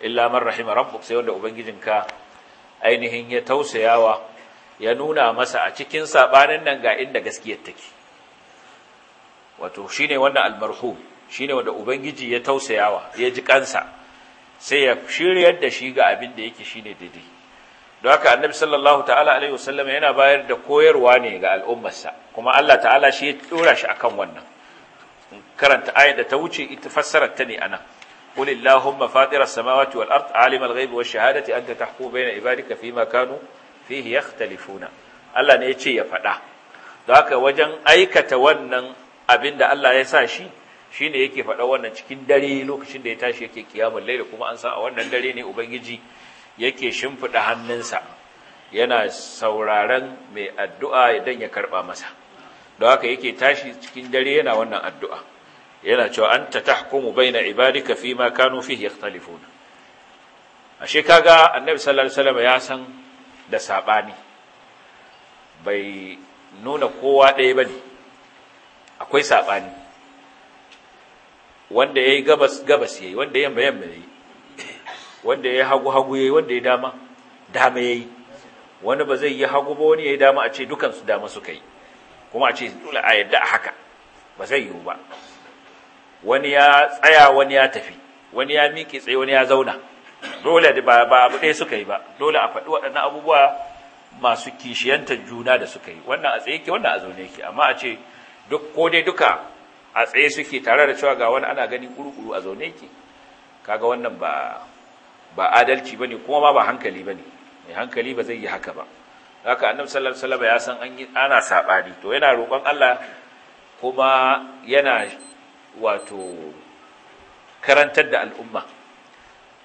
illa man rahima rabbuk sai wanda ubangijinka ainihin ya tausayawa ya nuna masa a cikin sabanin nan ga inda gaskiyar take wato shine wannan almarhum shine wanda ubangiji ya tausayawa ya ji kansa sai ya shiryar da shi ga abin da yake shine daidai don haka annabi sallallahu ta'ala alaihi wasallam yana bayar da koyarwa ne ga al'ummarsa kuma Allah ta'ala shi ya dora shi akan wannan karanta ayat da ta wuce ita fassarar ta ne anan قل اللهم فاطر السماوات والأرض عالم الغيب والشهادة أنت تحكم بين عبادك فيما كانوا فيه يختلفون الله نيتشي wajen ذاك وجن abin da Allah الله يساشي shi ne yake faɗa wannan cikin dare lokacin da ya tashi yake kiyamun laila kuma an san a wannan dare ne ubangiji yake shimfiɗa hannunsa yana sauraron mai addu'a idan ya karɓa masa Da haka yake tashi cikin dare yana wannan addu'a yana cewa anta tahkumu baina ibadika fi ma kanu fihi yakhtalifuna ashe kaga annabi sallallahu alaihi wasallam ya san da sabani bai nuna kowa ɗaya bane akwai sabani wanda yayi gabas gabas yayi wanda yamma yamma yayi wanda yayi hagu hagu yayi wanda yayi dama dama yayi wani ba zai yi hagu ba wani yayi dama a ce dukansu dama suka yi kuma a ce dole a yadda haka ba zai yiwu ba wani ya tsaya wani ya tafi wani ya miƙe tsaye wani ya zauna dole ba ba abu ɗaya suka yi ba dole a faɗi waɗannan abubuwa masu kishiyanta juna da suka yi wannan a tsaye ke wannan a zaune ke amma a ce duk ko dai duka a tsaye suke tare da cewa ga wani ana gani kurukuru a zaune ke kaga wannan ba ba adalci bane kuma ma ba hankali bane mai hankali ba zai yi haka ba haka annabi sallallahu alaihi wasallam ya san an ana sabani to yana roƙon Allah kuma yana wato karantar da al'umma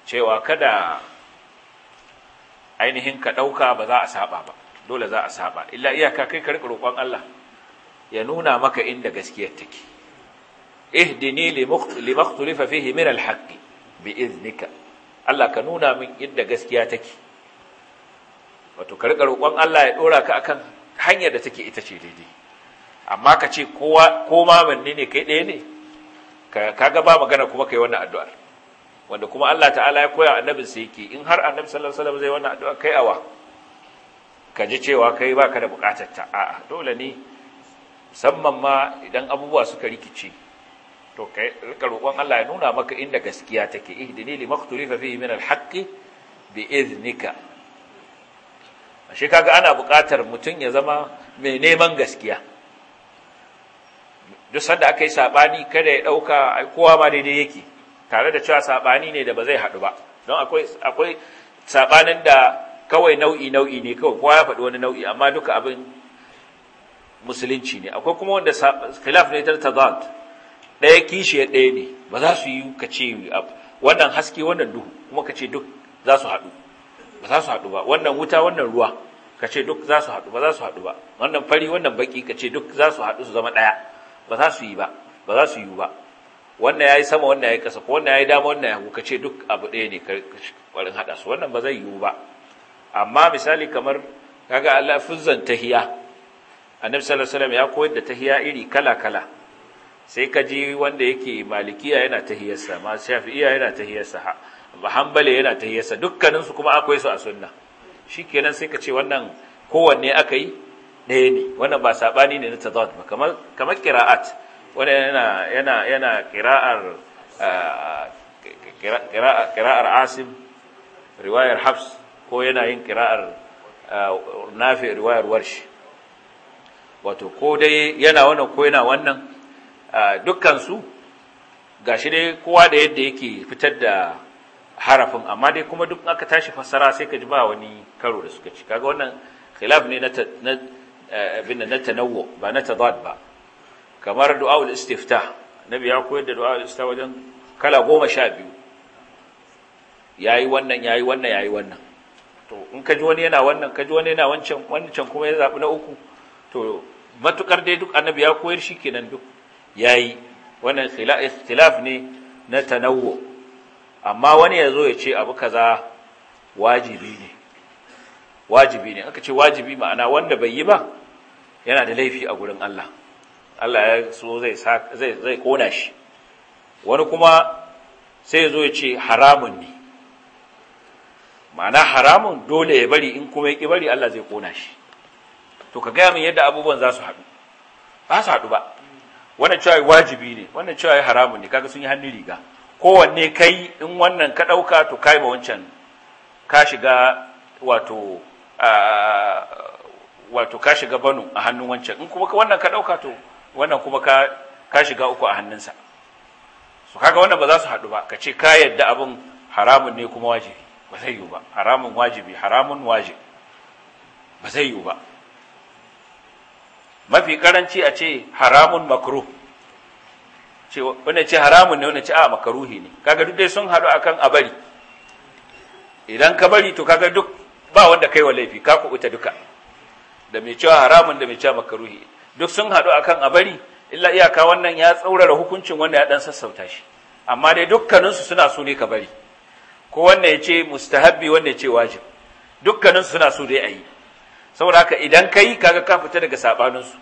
cewa kada ainihin ka ɗauka ba za a saba ba dole za a saba illa iyaka kai ka riƙa roƙon Allah ya nuna maka inda gaskiyar take ihdini limakhtulifa fihi min alhaqq bi iznika Allah ka nuna min inda gaskiya take wato ka riƙa roƙon Allah ya ɗora ka akan hanyar da take ita ce daidai amma ka ce kowa ko ma ne kai ɗaya ne kaga ba magana kuma kai wannan addu'ar wanda kuma Allah ta'ala ya koya annabin sa yake in har annabi sallallahu alaihi wasallam zai wannan addu'a kai awa ka ji cewa kai baka da bukatar ta a'a dole ne musamman ma idan abubuwa suka rikice to kai rika roƙon Allah ya nuna maka inda gaskiya take ihdini maqtulifa fihi min alhaqqi bi idhnika ashe kaga ana bukatar mutun ya zama mai neman gaskiya duk sanda aka yi saɓani kada ya ɗauka kowa ma daidai yake tare da cewa saɓani ne da ba zai haɗu ba don akwai akwai saɓanin da kawai nau'i nau'i ne kawai kowa ya faɗi wani nau'i amma duka abin musulunci ne akwai kuma wanda khilaf ne ta tazad ɗaya kishiyar ɗaya ne ba za su yi ka ce wannan haske wannan duhu kuma ka ce duk za su haɗu ba za su haɗu ba wannan wuta wannan ruwa ka ce duk za su haɗu ba za su haɗu ba wannan fari wannan baki ka ce duk za su haɗu su zama ɗaya ba za su yi ba ba za su yi ba wannan yayi sama wannan yayi kasa ko wannan yayi dama wannan yayi ka ce duk abu ɗaya ne karin hada su wannan ba zai yi ba amma misali kamar kaga Allah fuzzan tahiya annabi sallallahu alaihi ya koyar da tahiya iri kala kala sai ka ji wanda yake malikiya yana tahiyarsa ma shafi'iya yana tahiyarsa ba hanbali yana tahiyarsa dukkaninsu kuma akwai su a sunna shikenan sai ka ce wannan kowanne aka yi ɗaya ne wannan ba saɓani ne na tazawud ba kamar kira'at wanda yana yana yana kira'ar kira'ar asim riwayar hafs ko yana yin kira'ar nafi riwayar warshi wato ko dai yana wannan ko yana wannan dukkansu shi dai kowa da yadda yake fitar da harafin amma dai kuma duk aka tashi fassara sai ka ji ba wani karo da suka ci kaga wannan khilaf ne na Eh, abin na tanawwu ba na tadad ba kamar du'aul istiftah nabi ya koyar da du'aul istiftah wajen kala goma sha biyu yayi wannan yayi wannan yayi wannan to in ka ji wani yana wannan ka ji wani yana wancan wancan kuma ya zabi na uku to matukar dai duk annabi ya koyar shi kenan duk yayi wannan ikhtilaf ne na tanawwu amma wani ya zo ya ce abu kaza wajibi ne wajibi ne aka ce wajibi ma'ana wanda bai yi ba yana da laifi a gurin Allah Allah ya so zai zai kona shi wani kuma sai ya zo ya ce haramun ne ma'ana haramun dole ya bari in kuma ya ki bari Allah zai kona shi to ka gaya min yadda abubuwan za su haɗu ba su haɗu ba wannan cewa wajibi ne wannan cewa haramun ne kaga sun yi hannun riga kowanne kai in wannan ka ɗauka to kai ba wancan ka shiga wato wato ka shiga banu a hannun wancan in kuma wannan ka ɗauka to wannan kuma ka shiga uku a hannunsa su kaga wannan ba za su haɗu ba ka ce ka yadda abin haramun ne kuma wajibi ba zai yiwu ba haramun wajibi haramun wajibi ba zai yiwu ba mafi karanci a ce haramun makruh wanda ce haramun ne wanda ce a makaruhi ne kaga duk dai sun haɗu akan a bari idan ka bari to kaga duk ba wanda kai wa laifi ka kuɓuta duka da mai cewa haramun da mai cewa makaruhi duk sun haɗu akan a bari illa iyaka wannan ya tsaurara hukuncin wanda ya dan sassauta shi amma dai dukkaninsu suna so ne ka bari ko wanda ya ce mustahabbi wanda ya ce wajib dukkaninsu suna so dai a yi saboda haka idan ka yi kaga ka fita daga saɓaninsu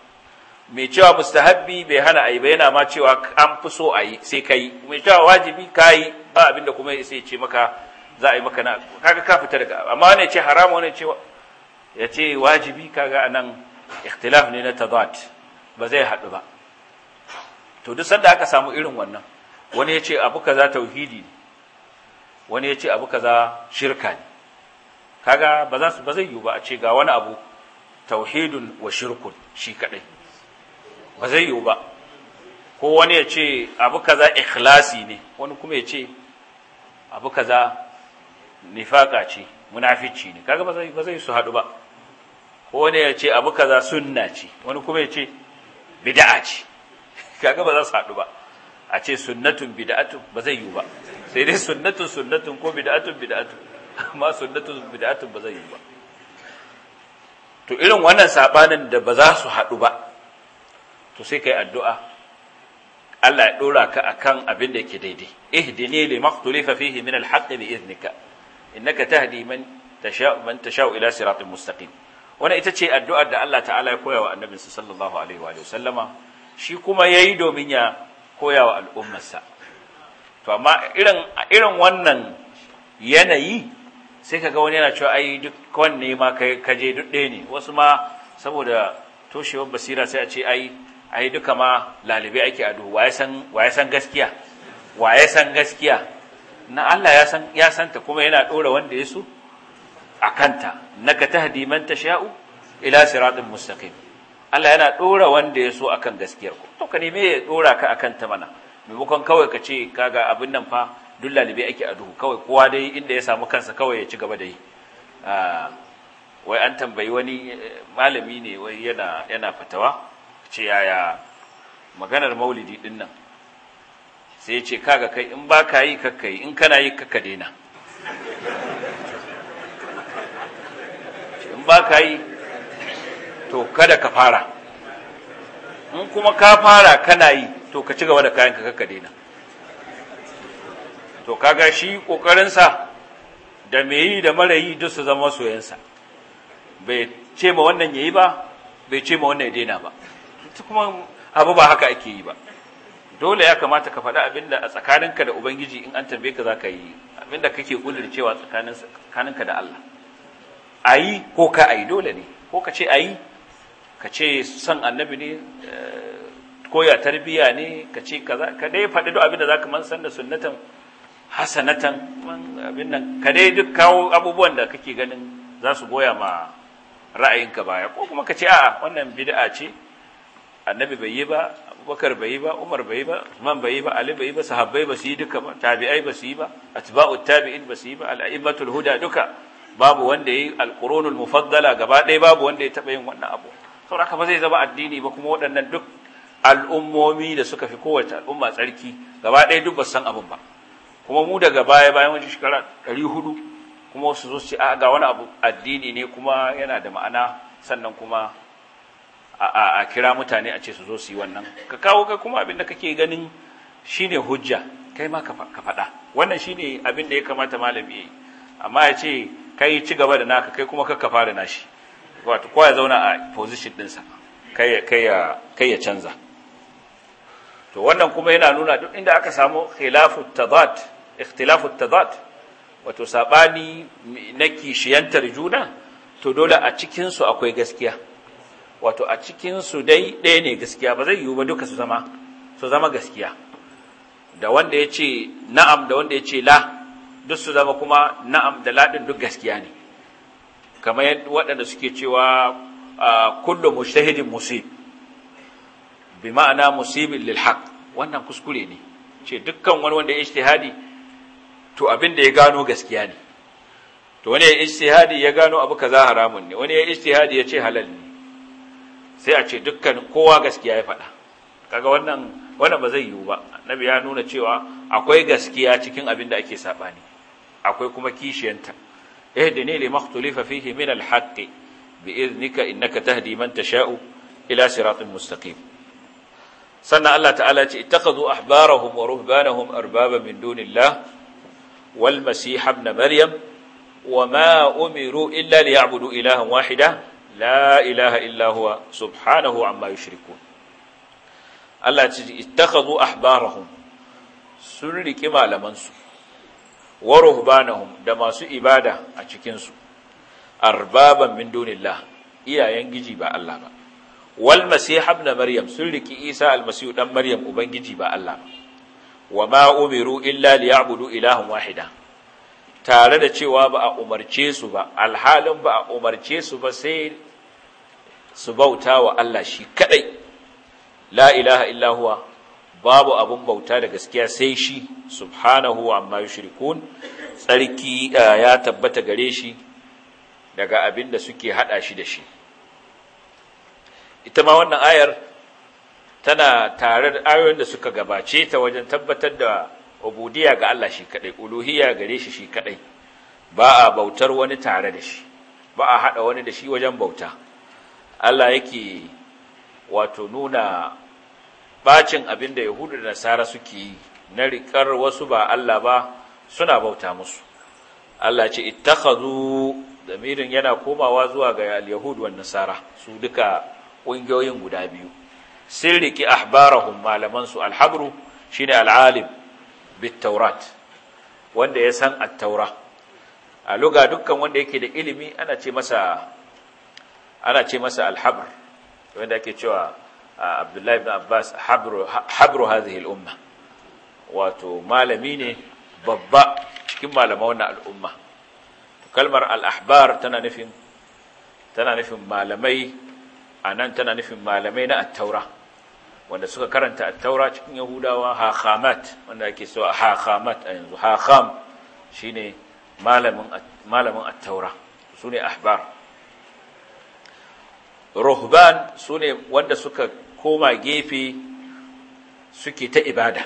mai cewa mustahabbi bai hana a yi ba yana ma cewa an fi so a yi sai ka yi mai cewa wajibi ka yi ba abinda kuma sai ce maka za a yi maka na kaga ka fita daga amma wanda ya ce haramu wanda ya ce ya ce wajibi kaga anan ikhtilaf ne na tadat ba zai haɗu ba to duk sanda aka samu irin wannan wani ya ce abu kaza tauhidi ne wani ya ce abu kaza shirka ne kaga ba za su ba zai yiwu ba a ce ga wani abu tauhidun wa shirkun shi kadai ba zai yiwu ba ko wani ya ce abu kaza ikhlasi ne wani kuma ya ce abu kaza nifaka ce munafici ne kaga ba zai su haɗu ba wani ya ce abu kaza sunna ce wani kuma ya ce bida'a ce kaga ba za su haɗu ba a ce sunnatun bid'atun ba zai yiwu ba sai dai sunnatun sunnatun ko bida'atun bida'atun amma sunnatun bida'atun ba zai yiwu ba to irin wannan sabanin da ba za su haɗu ba to sai kai addu'a Allah ya dora ka akan abin da yake daidai ihdini li maqtulifa fihi min al-haqqi bi idnika innaka tahdi man tasha'u man tasha'u ila siratin mustaqim Wani ita ce addu'ar da Allah ta'ala ya koya wa annabinsa sallallahu alaihi wa sallama shi kuma ya yi domin ya koya wa al'ummarsa to amma irin irin wannan yanayi sai kaga wani yana cewa ai duk wanne ma ka je duk ɗaya ne wasu ma saboda toshewar basira sai a ce ai ai duka ma lalibe ake ado wa san san gaskiya ya san gaskiya na Allah ya san ya santa kuma yana ɗora wanda ya so Akanta kanta naka tahdi man tasha'u ila siratin mustaqim Allah yana dora wanda ya so akan gaskiyar ku to ka neme ya dora ka akan ta mana maimakon kawai ka ce kaga abin nan fa duk lalibi ake a duhu kawai kowa dai inda ya samu kansa kawai ya ci gaba da yi ah, wai an tambayi wani eh, malami ne wai yana yana fatawa ce yaya maganar maulidi din nan sai ya ce kaga kai in ba ka yi kakkai in kana yi kakka daina ba ka yi to kada ka fara in kuma ka fara kana yi to ka ci gaba da kayan ka kaka daina to kaga shi kokarinsa da mai yi da mara yi duk su zama soyansa bai ce ma wannan yayi ba bai ce ma wannan ya daina ba kuma abu ba haka ake yi ba dole ya kamata ka faɗi da a tsakaninka da ubangiji in an tambaye ka za ka yi abinda kake cewa tsakaninka da Allah a yi ko ka a yi dole ne ko ka ce a yi ka ce son annabi ne eh, ko ya tarbiya ne ka ce ka dai faɗi duk abinda za ka man san da sunnatan hasanatan abin nan ka dai duk kawo abubuwan da kake ganin za su goya ma ra'ayinka baya ko kuma ka ce a'a wannan bid'a ce annabi bai yi ba abubakar bai yi ba umar bai yi ba man bai yi ba ali bai yi ba sahabbai ba su yi duka ba tabi'ai ba su yi ba atba'u tabi'in ba su yi ba al'aimatul huda duka babu wanda yayi yi mufaddala gaba ɗaya babu wanda ya taba yin wannan abu saboda haka ba zai zama addini ba kuma waɗannan duk al'ummomi da suka fi kowace al'umma tsarki gaba ɗaya duk ba san abin ba kuma mu daga baya bayan wajen shekara ɗari hudu kuma su zo ce ga wani abu addini ne kuma yana da ma'ana sannan kuma a kira mutane a ce su zo su yi wannan ka kawo kai kuma abin da kake ganin shine hujja kai ma ka faɗa wannan shine abin da ya kamata malami yi amma ya ce kai ci gaba da naka kai kuma kakka fara nashi wato kowa ya zauna a position ɗinsa kai ya canza to wannan kuma yana nuna duk inda aka samu khilafu tadat ikhtilafu tadat wato sabani na kishiyantar juna to dole a cikin su akwai gaskiya wato a cikin su dai ɗaya ne gaskiya ba zai yiwu ba duka su zama su zama gaskiya da wanda ya na'am da wanda ya ce la duk su zama kuma na'am da ladin duk gaskiya ne kamar waɗanda suke cewa kullu mujtahidin musib bi ma'ana musibin lil haqq wannan kuskure ne ce dukkan wani wanda ya ijtihadi to abin da ya gano gaskiya ne to wani ya ijtihadi ya gano abu kaza haramun ne wani ya ijtihadi ya ce halal ne sai a ce dukkan kowa gaskiya ya faɗa kaga wannan wannan ba zai yiwu ba annabi ya nuna cewa akwai gaskiya cikin abin da ake saɓani akwai kuma kishiyanta ihdini lima ikhtulifa fihi min al-haqq bi idhnika innaka tahdi man tasha'u ila siratin mustaqim sannan Allah ta'ala ce ittakhadhu ahbarahum wa ruhbanahum arbaba min dunillah wal masih ibn maryam وما أمروا إلا ليعبدوا إلها واحدا لا إله إلا هو سبحانه عما يشركون Allah ce ittakhadhu ahbarahum sun riki malamansu wa ruhbanahum da masu ibada a cikin su arbaban min dunillah iyayen giji ba Allah ba wal masih ibn maryam sun riki isa al masih dan maryam ubangiji ba Allah ba wa ma umiru illa liya'budu ilahan wahida tare da cewa ba a umarce su ba alhalin ba a umarce su ba sai su bauta wa Allah shi kadai la ilaha illa huwa babu abun bauta da gaskiya sai shi subhanahu amma yushrikun tsarki eh, ya tabbata gare shi daga abin da suke hada shi da shi ita ma wannan ayar tana tare da ayoyin da suka gabace ta wajen tabbatar da ubudiyya ga Allah shi kadai uluhiyya gare shi shi kadai ba a bautar wani tare da shi ba a hada wani da shi wajen bauta Allah yake wato nuna bacin abin da yahudu da nasara suke yi na riƙar wasu ba Allah ba suna bauta musu Allah ce ittakhadhu damirin yana komawa zuwa ga Yahudu da nasara su duka ƙungiyoyin guda biyu sirriki ahbarahum malaman su alhabru shine al bit-taurat wanda ya san at-taura a luga dukkan wanda yake da ilimi ana ce masa ana ce masa al wanda ake cewa abdullahi ibn abbas habru hadhihi al'umma wato malami ne babba cikin malaman wannan al'umma kalmar al'ahbar tana nufin tana nufin malamai a nan tana nufin malamai na attaura wanda suka karanta attaura cikin yahudawa hakamat wanda ake so a hakamat a yanzu hakam shine malamin attaura su ne ahbar ruhban su ne wanda suka koma gefe suke ta ibada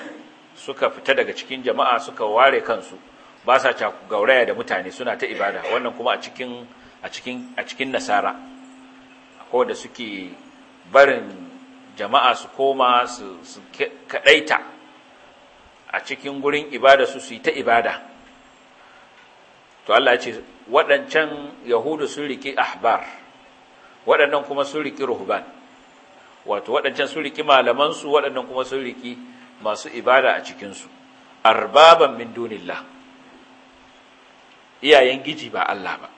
suka fita daga cikin jama'a suka ware kansu ba sa gauraya da mutane suna ta ibada wannan kuma a cikin a cikin a cikin nasara ko da suke barin jama'a su koma su kadaita a cikin gurin ibada su su yi ta ibada to Allah ya ce waɗancan yahudu sun rike ahbar waɗannan kuma sun rike ruhban wato waɗancan su riki malamansu waɗannan kuma su riki masu ibada a cikinsu arbaban min dunillah iyayen giji ba Allah ba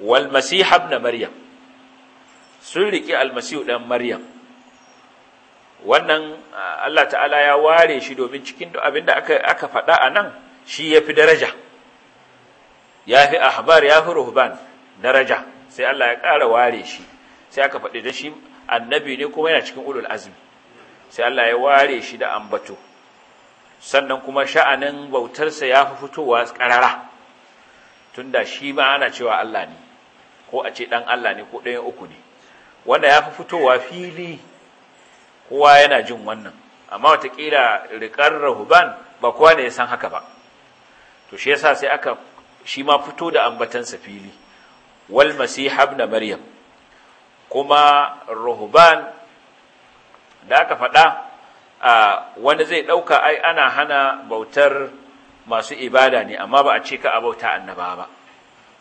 wal masih ibn maryam sun riki almasihu dan maryam wannan ah, Allah ta'ala ya ware shi domin cikin abinda aka aka faɗa a nan shi ya fi daraja Yafi ahbar ya fi ruhban daraja sai Allah ya ƙara ware shi sai aka faɗi da shi annabi ne kuma yana cikin ulul azmi sai Allah ya ware shi da ambato sannan kuma sha'anin bautarsa ya fi fitowa karara tunda shi ma ana cewa Allah ne ko a ce dan Allah ne ko ɗayan uku ne wanda ya fi fitowa fili kowa yana jin wannan amma watakila riƙar rahuban ba kowa ne ya san haka ba to shi yasa sai aka shi ma fito da ambatansa fili wal masih ibn maryam kuma ruhban da aka faɗa wani zai ɗauka ai ana hana bautar masu ibada ne amma ba a ce ka a bauta annabawa ba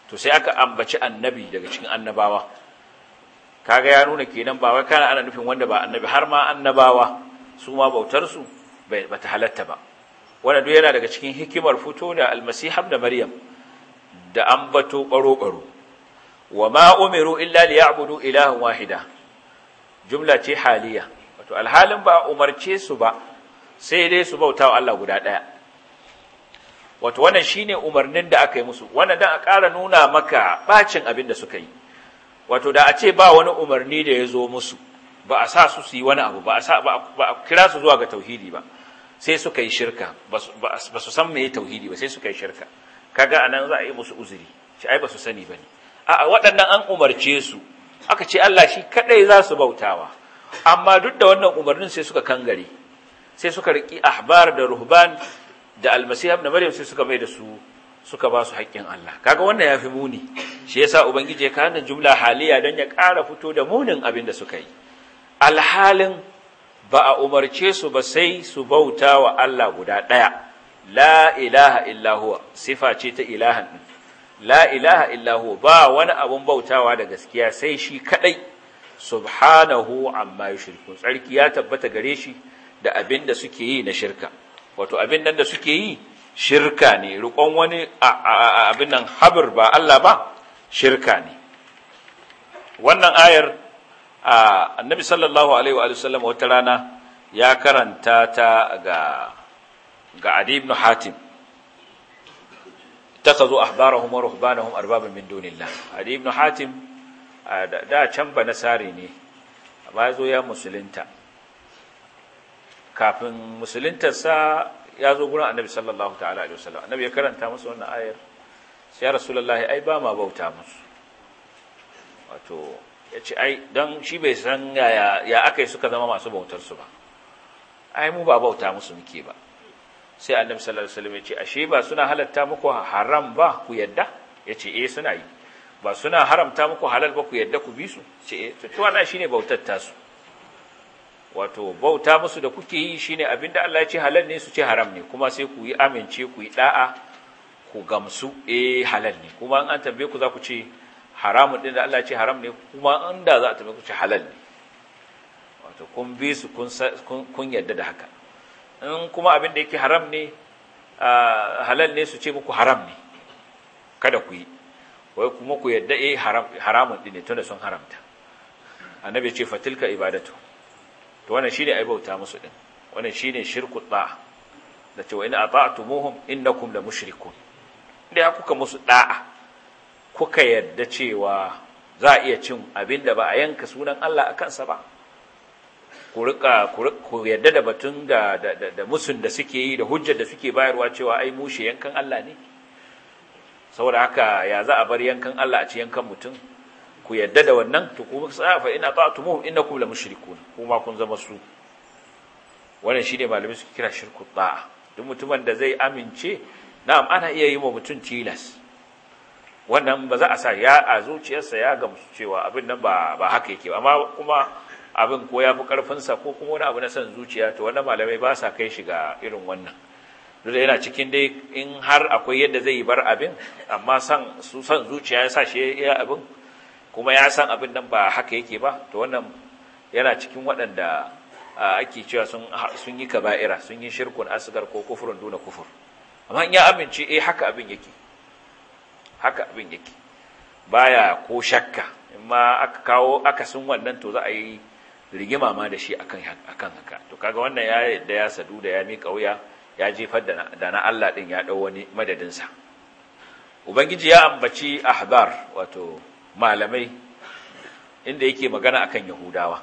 to sai aka ambaci annabi daga cikin annabawa kaga ya nuna kenan ba wai kana ana nufin wanda ba annabi har ma annabawa su ma bautar su ba ta halatta ba wannan duk yana daga cikin hikimar fito da almasih da maryam da ambato baro baro wa ma umiru illa liya'budu ilahan wahida jumla ce haliya wato alhalin ba umarce su ba sai dai su bauta wa Allah guda ɗaya wato wannan shine umarnin da aka yi musu wannan dan a ƙara nuna maka bacin abin da suka yi wato da a ce ba wani umarni da ya zo musu ba a sa su su yi wani abu ba a sa ba a kira su zuwa ga tauhidi ba sai suka yi shirka ba su san me tauhidi ba sai suka yi shirka kaga anan za a yi musu uzuri shi ai ba su sani ne. a waɗannan an umarce su aka ce Allah shi kaɗai za su bautawa amma duk da wannan umarnin sai suka kangare sai suka riki ahbar da ruhban da almasiha ibn maryam sai suka mai da su suka ba su haƙƙin Allah kaga wannan yafi muni shi yasa ubangiji ya kawo jumla haliya don ya ƙara fito da munin abin da suka yi alhalin ba a umarce su ba sai su bauta wa Allah guda ɗaya la ilaha illa sifa ce ta ilahan la ilaha illahu ba wani abun bautawa da gaskiya sai shi kadai subhanahu amma yushrikun tsarki ya tabbata gare shi da abin da suke yi na shirka wato abin nan da suke yi shirka ne rukon wani abin nan habir ba Allah ba shirka ne wannan ayar annabi sallallahu alaihi wa sallam wata rana ya karanta ta ga ga ibn Hatim ittakhadhu ahbarahum babu ruhbanahum arbaban min dunillah ali ibn hatim da can ba nasari ne amma yazo ya musulunta kafin musuluntarsa ya zo gurin annabi sallallahu ta'ala alaihi wasallam annabi ya karanta musu wannan ayar sai ya rasulullahi ai ba ma bauta musu wato ya ai don shi bai san ya aka suka zama masu bautar su ba ai mu ba bauta musu muke ba sai annabi sallallahu alaihi wasallam ya ce ashe ba suna halatta muku haram ba ku yadda ya ce eh suna yi ba suna haramta muku halal ba ku yadda ku bi su ce eh to wannan shine bautar tasu wato bauta musu da kuke yi shine abinda Allah ya ce halal ne su ce haram ne kuma sai ku yi amince ku yi da'a ku gamsu eh halal ne kuma in an tambaye ku za ku ce haramun din da Allah ya ce haram ne kuma in da za a tambaye ku ce halal ne wato kun bi su kun yadda da haka in kuma abin da yake haram ne halal ne su ce muku haram ne kada ku yi wai kuma ku yadda eh haramun din ne tunda sun haramta annabi ya ce fatilka ibadatu to wannan shine ai bauta musu din wannan shine shirku da da ce in ata'tumuhum innakum la mushrikun da kuka musu da'a kuka yadda cewa za a iya cin abin da ba a yanka sunan Allah a kansa ba ku rika ku yarda da batun da da musun da suke yi da hujjar da suke bayarwa cewa ai mushe yankan Allah ne saboda haka ya za a bar yankan Allah a ci yankan mutum ku yarda da wannan to ku sa fa in innakum la mushrikun kuma kun zama su wannan shine malamai suke kira shirku ta'a duk mutumin da zai amince na'am ana iya yi wa mutum tilas wannan ba za a sa ya a zuciyarsa ya gamsu cewa abin nan ba ba haka yake amma kuma abin ko ya fi ƙarfinsa ko kuma wani abu na son zuciya to wannan malamai ba sa kai shi ga irin wannan duk yana cikin dai in har akwai yadda zai yi bar abin amma san su son zuciya ya sa shi ya abin kuma ya san abin nan ba haka yake ba to wannan yana cikin waɗanda ake cewa sun yi kaba'ira sun yi shirkun asgar ko kufurun duna kufur amma in ya amince eh haka abin yake haka abin yake baya ko shakka in ma aka kawo akasin wannan to za a yi rigima ma da shi akan akan haka to kaga wannan ya da ya sadu da ya mika wuya ya jefar da na Allah din ya dau wani madadin sa ubangiji ya ambaci ahbar wato malamai inda yake magana akan yahudawa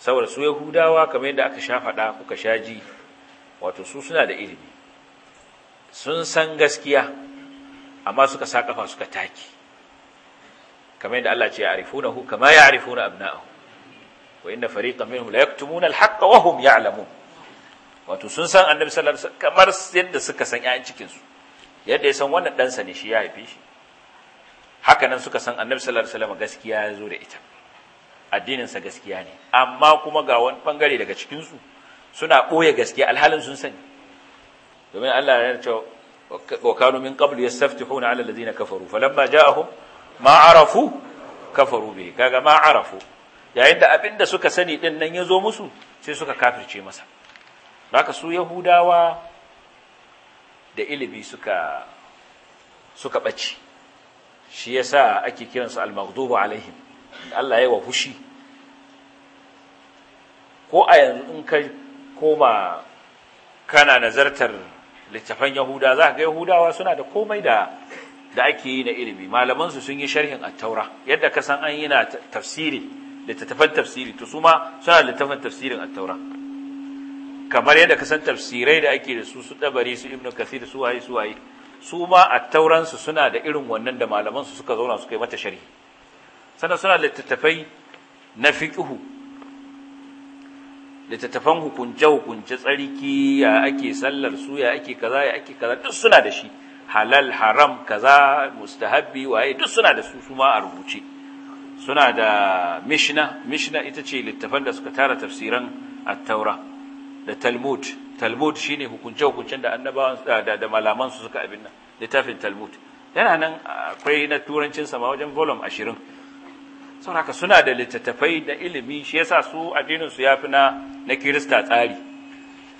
saboda su yahudawa kamar yadda aka sha faɗa kuka sha ji wato su suna da ilimi sun san gaskiya amma suka sa kafa suka taki kamar yadda Allah ce ya arifuna hu kama ya arifuna abna'ahu wa inna fariqan minhum la yaktumuna al-haqqa wa hum ya'lamun wato sun san annabi sallallahu alaihi kamar yadda suka san ƴaƴan cikin su yadda ya san wannan ɗansa ne shi ya haife shi haka nan suka san annabi sallallahu alaihi gaskiya ya zo da ita addininsa gaskiya ne amma kuma ga wani bangare daga cikinsu suna ɓoye gaskiya alhalin sun sani domin Allah ya ce wa kanu min qabl yastaftihuna ala allazina kafaru falamma ja'ahum ma arafu kafaru bihi kaga ma arafu yayin da abin da suka sani din nan ya zo musu sai suka kafirce masa haka su yahudawa da ilimi suka suka ɓace shi yasa ake kiransu al-maghdubu alaihim Allah ya wa fushi ko a yanzu in ka koma kana nazartar littafan yahuda za ka ga yahudawa suna da komai da da ake yi na ilimi malamansu sun yi sharhin at-taura yadda ka san an yi na tafsiri littattafan tafsiri to su ma suna littattafan tafsirin at-taura kamar yadda ka san tafsirai da ake da su su dabari su ibnu kathir su waye su waye su ma at suna da irin wannan da malaman su suka zauna suka yi mata sharhi sannan suna littattafai na fiqhu littattafan hukunce hukunce tsarki ya ake sallar su ya ake kaza ya ake kaza duk suna da shi halal haram kaza mustahabbi waye duk suna da su su ma a rubuce suna da mishna mishna ita ce littafan da suka tara tafsiran at-taura da talmud talmud shine hukunce hukuncen da annabawan da, da malaman su suka abin nan littafin talmud yana nan akwai na turancin sama wajen volume 20 saboda suna da littattafai da ilimi shi yasa su addinin su yafi na na kirista tsari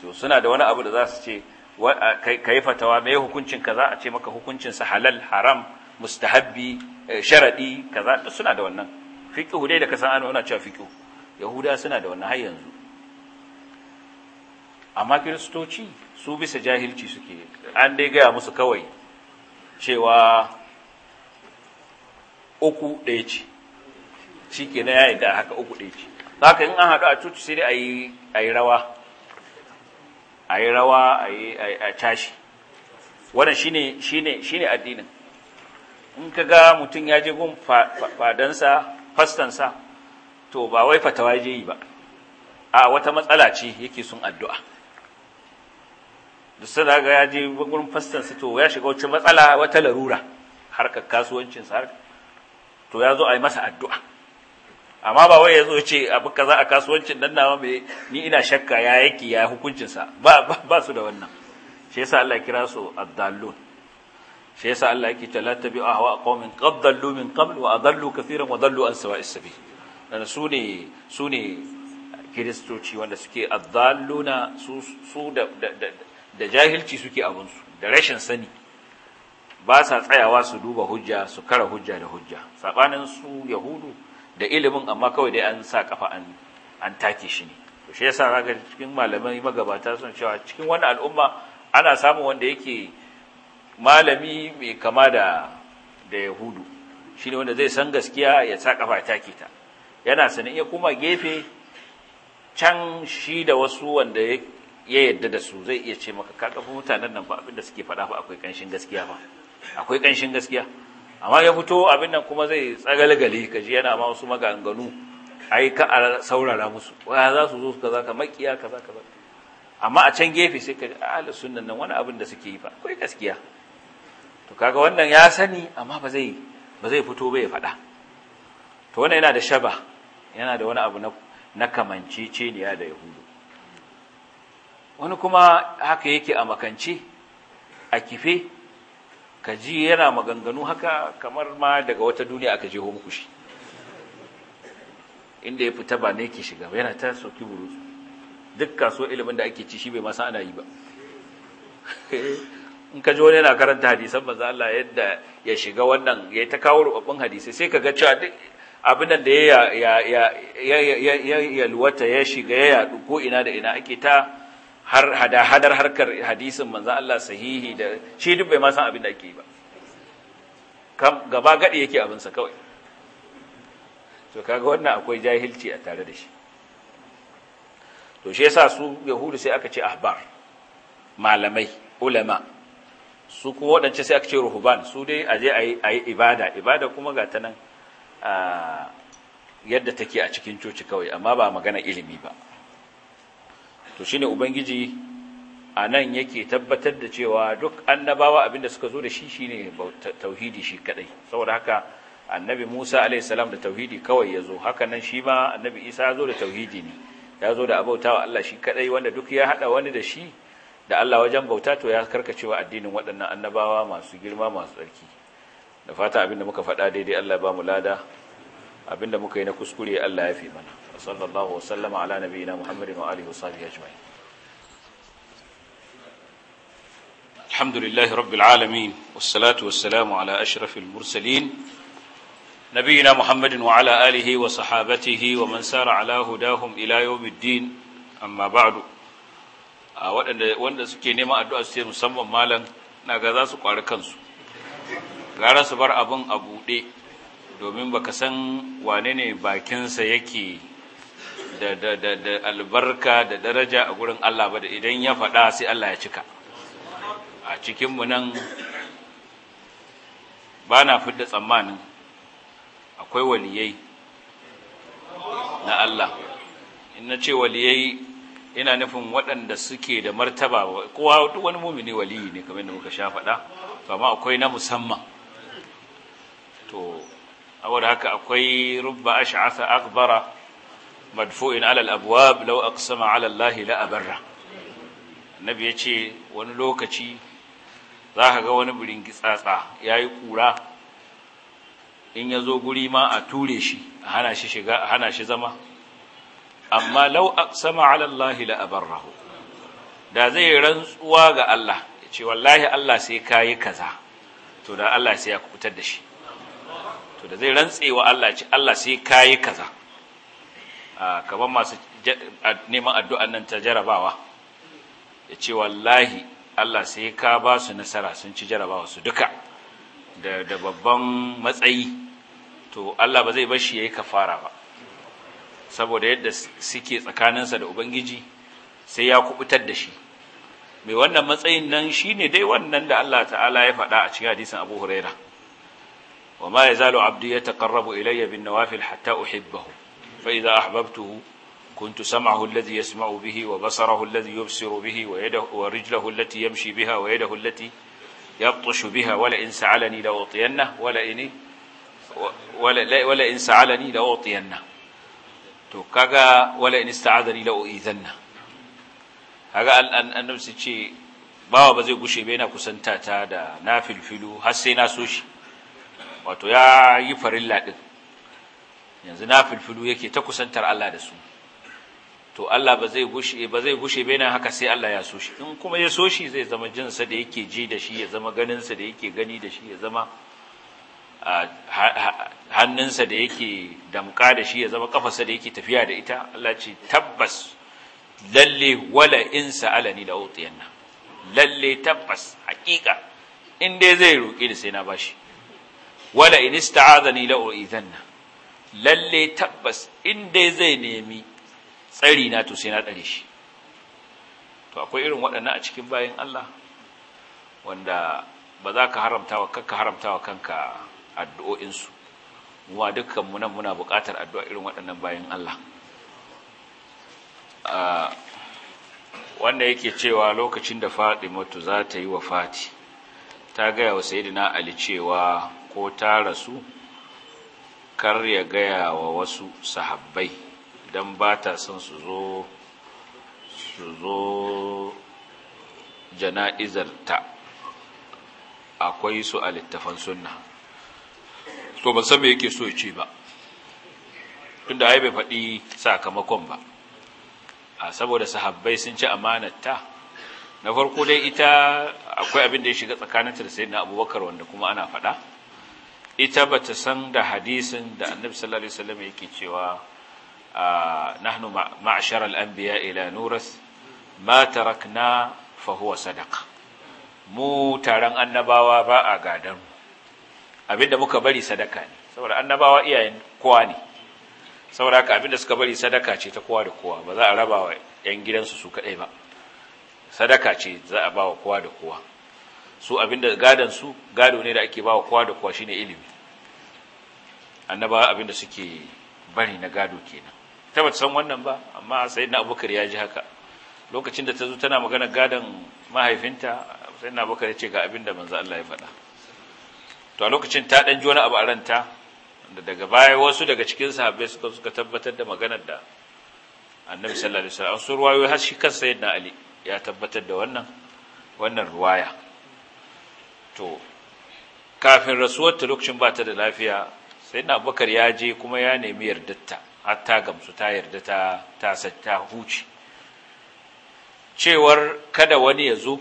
to suna da wani abu da za su ce kai fatawa me hukuncin kaza a ce maka hukuncin sa halal haram mustahabbi eh, sharadi kaza suna da wannan fiqhu dai da kasan ana wannan cewa fiqhu yahuda suna da wannan har yanzu amma kiristoci su bisa jahilci suke an dai gaya musu kawai cewa uku ɗaya ce shi ke na yayi da haka uku ɗaya ce haka in an haɗu a cuci sai dai a yi rawa a yi rawa a yi a cashi wannan shine shine shine addinin in ka ga mutum ya je gun fadansa fastansa to ba wai fatawa je yi ba a wata matsala ce yake sun addu'a da sada ga ya je gun fastansa to ya shiga wacce matsala wata larura harkar kasuwancinsa har to ya zo a yi masa addu'a amma ba wai ya zo ce abu za a kasuwancin nan nawa mai ni ina shakka ya yake ya hukuncinsa ba su da wannan shi yasa Allah kira su addallun shi yasa Allah yake ta la tabi'u ahwa qaumin qad dallu min qabl wa adallu kathiran wa dallu an sawa'is sabil dan su ne kiristoci wanda suke addalluna su su da da jahilci suke abun su da rashin sani ba sa tsayawa su duba hujja su kara hujja da hujja sabanin su yahudu da ilimin amma kawai dai an sa kafa an an take shi ne to shi yasa zaka cikin malamai magabata sun cewa cikin wannan al'umma ana samun wanda yake malami mai kama da da yahudu shine wanda zai san gaskiya ya sa kafa ta kita yana sanin ya kuma gefe can shi da wasu wanda ya yadda da su zai iya ce maka ka kafa mutanen nan ba abin da suke faɗa ba akwai kanshin gaskiya ba akwai kanshin gaskiya amma ya fito abin nan kuma zai tsagalgale ka ji yana ma wasu maganganu ai ka a saurara musu waya za su zo kaza ka makiya kaza kaza amma a can gefe sai ka ga ahlus sunnan nan wani abin da suke yi fa akwai gaskiya to kaga wannan ya sani amma ba zai ba zai fito ba ya faɗa to wannan yana da shaba yana da wani abu na na kamanceceniya da yahudu wani kuma haka yake a makance a kife ka ji yana maganganu haka kamar ma daga wata duniya aka je muku shi inda ya fita ba ne ke shiga yana ta soki buru duk kaso ilimin da ake ci shi bai masa ana yi ba in ka ji wani yana karanta hadisan manzo Allah yadda ya shiga wannan yayi ta kawo rubabbin hadisi sai ka ga cewa duk abin nan da ya ya ya ya ya shiga ya yadu ko ina da ina ake ta har hada hadar harkar hadisin manzo Allah sahihi da shi duk bai ma san abin da ake yi ba gaba gadi yake abin sa kawai to kaga wannan akwai jahilci a tare da shi to shi yasa su yahudu sai aka ce ahbar malamai ulama su kuma waɗance sai aka ce ruhuban su dai a je a yi ibada ibada kuma ga ta nan yadda take a cikin coci kawai amma ba magana ilimi ba to shine ubangiji a nan yake tabbatar da cewa duk annabawa abinda suka zo da shi shine tauhidi shi kadai saboda haka annabi Musa alayhi salam da tauhidi kawai ya zo haka nan shi ma annabi Isa ya zo da tauhidi ne ya zo da abautawa Allah shi kadai wanda duk ya hada wani da shi da Allah wajen bauta to ya karkacewa addinin waɗannan annabawa masu girma masu tsarki da fata abinda muka faɗa daidai Allah ba mu lada abinda muka yi na kuskure Allah ya fi mana sallallahu wasallama ala nabiyina muhammadin wa alihi wasahbihi ajma'in alhamdulillahi rabbil alamin wassalatu wassalamu ala ashrafil mursalin نبينا محمد وعلى آله وصحابته ومن سار على هداهم إلى يوم الدين amma بعد waɗanda wanda suke neman addu'a su ce musamman malam na ga za su kwari kansu gara su bar abin a buɗe domin baka san wane ne bakinsa yake da da albarka da daraja a gurin Allah ba da idan ya faɗa sai Allah ya cika a cikinmu nan ba na fidda tsammanin akwai waliyai na Allah in ce waliyai ina nufin waɗanda suke da martaba kowa duk wani mumini waliyi ne kamar da muka sha faɗa to amma akwai na musamman to awar haka akwai rubba ash'atha akbara in alal abwab law aqsama ala allah la abarra annabi yace wani lokaci za ka ga wani biringi tsatsa yi kura in yazo guri ma a ture shi a hana shiga a hana shi zama amma lau aqsama ala Allah la abarrahu da zai rantsuwa ga Allah ya ce wallahi Allah sai kayi kaza to da Allah sai ya kubutar da shi to da zai rantsewa Allah ya ce Allah sai kayi kaza kamar masu neman addu'an nan ta jarabawa ya ce wallahi Allah sai ka ba su nasara sun ci jarabawa su duka da babban matsayi to Allah ba zai bar shi yayi kafara ba saboda yadda suke tsakaninsa da ubangiji sai ya kubutar da shi mai wannan matsayin nan shine dai wannan da Allah ta'ala ya faɗa a cikin hadisin Abu Huraira wa ma yazalu abdi yataqarrabu ilayya bin nawafil hatta uhibbahu fa idza ahbabtuhu كنت سمعه الذي يسمع به وبصره الذي يبصر به ويده ورجله التي يمشي بها ويده التي يبطش بها ولئن سعلني لأعطينه ولئن ولئن سعلني لأعطينه to kaga wala in ista'adani la u'izanna kaga annabi su ce bawa ba zai gushe ba yana kusanta ta da nafilfilu har sai na so shi wato ya yi farilla din yanzu nafilfilu yake ta kusantar Allah da su to Allah ba zai gushe ba zai gushe ba yana haka sai Allah ya so shi in kuma ya so shi zai zama jinsa da yake ji da shi ya zama ganinsa da yake gani da shi ya zama hannunsa da yake damka da shi ya zama kafarsa da yake tafiya da ita Allah ce tabbas lalle wala in sa'alani la utiyanna lalle tabbas hakika in dai zai roƙi da sai na bashi wala in ista'adani la uizanna lalle tabbas in dai zai nemi tsari na to sai na tsare shi to akwai irin waɗannan a cikin bayan Allah wanda ba za ka haramta wa kanka haramta wa kanka addu'o'insu wa dukkan mu muna buƙatar addu'a irin waɗannan bayan Allah wanda yake cewa lokacin da Fatimatu za ta yi wa Fati ta gaya wa Sayyidina Ali cewa ko ta rasu kar ya gaya wa wasu sahabbai don ba ta son su zo su zo jana'izarta akwai su a littafan sunna to ba san me yake so ya ce ba tunda ai bai faɗi sakamakon ba a saboda sahabbai sun ci amanata, na farko dai ita akwai abin da ya shiga tsakaninta da sayyidina abubakar wanda kuma ana faɗa ita ba ta san da hadisin da annabi sallallahu alaihi wasallam yake cewa nahnu ma'ashar al-anbiya ila nuras ma tarakna fa huwa sadaqa mu taron annabawa ba a gadan abinda muka bari sadaka ne saboda annabawa iyayen kowa ne saboda haka abinda suka bari sadaka ce ta kowa da kowa ba za a raba wa 'yan gidansu su kaɗai ba sadaka ce za a ba wa kowa da kowa su abinda gadon su gado ne da ake ba wa kowa da kowa shine ilimi annabawa abinda suke bari na gado kenan ta bata san wannan ba amma sai na abubakar ya ji haka lokacin da ta zo tana magana gadon mahaifinta na abubakar ya ce ga abinda manzo Allah ya faɗa to a lokacin ta ɗan ji wani abu a ranta da daga baya wasu daga cikin sahabbai suka suka tabbatar da maganar da annabi sallallahu alaihi wasallam sun ruwayo har shi kansa yadda ali ya tabbatar da wannan wannan ruwaya to kafin rasuwar ta lokacin ba ta da lafiya sai na bakar ya je kuma ya nemi yardarta har ta gamsu ta yarda ta ta huce cewar kada wani ya zo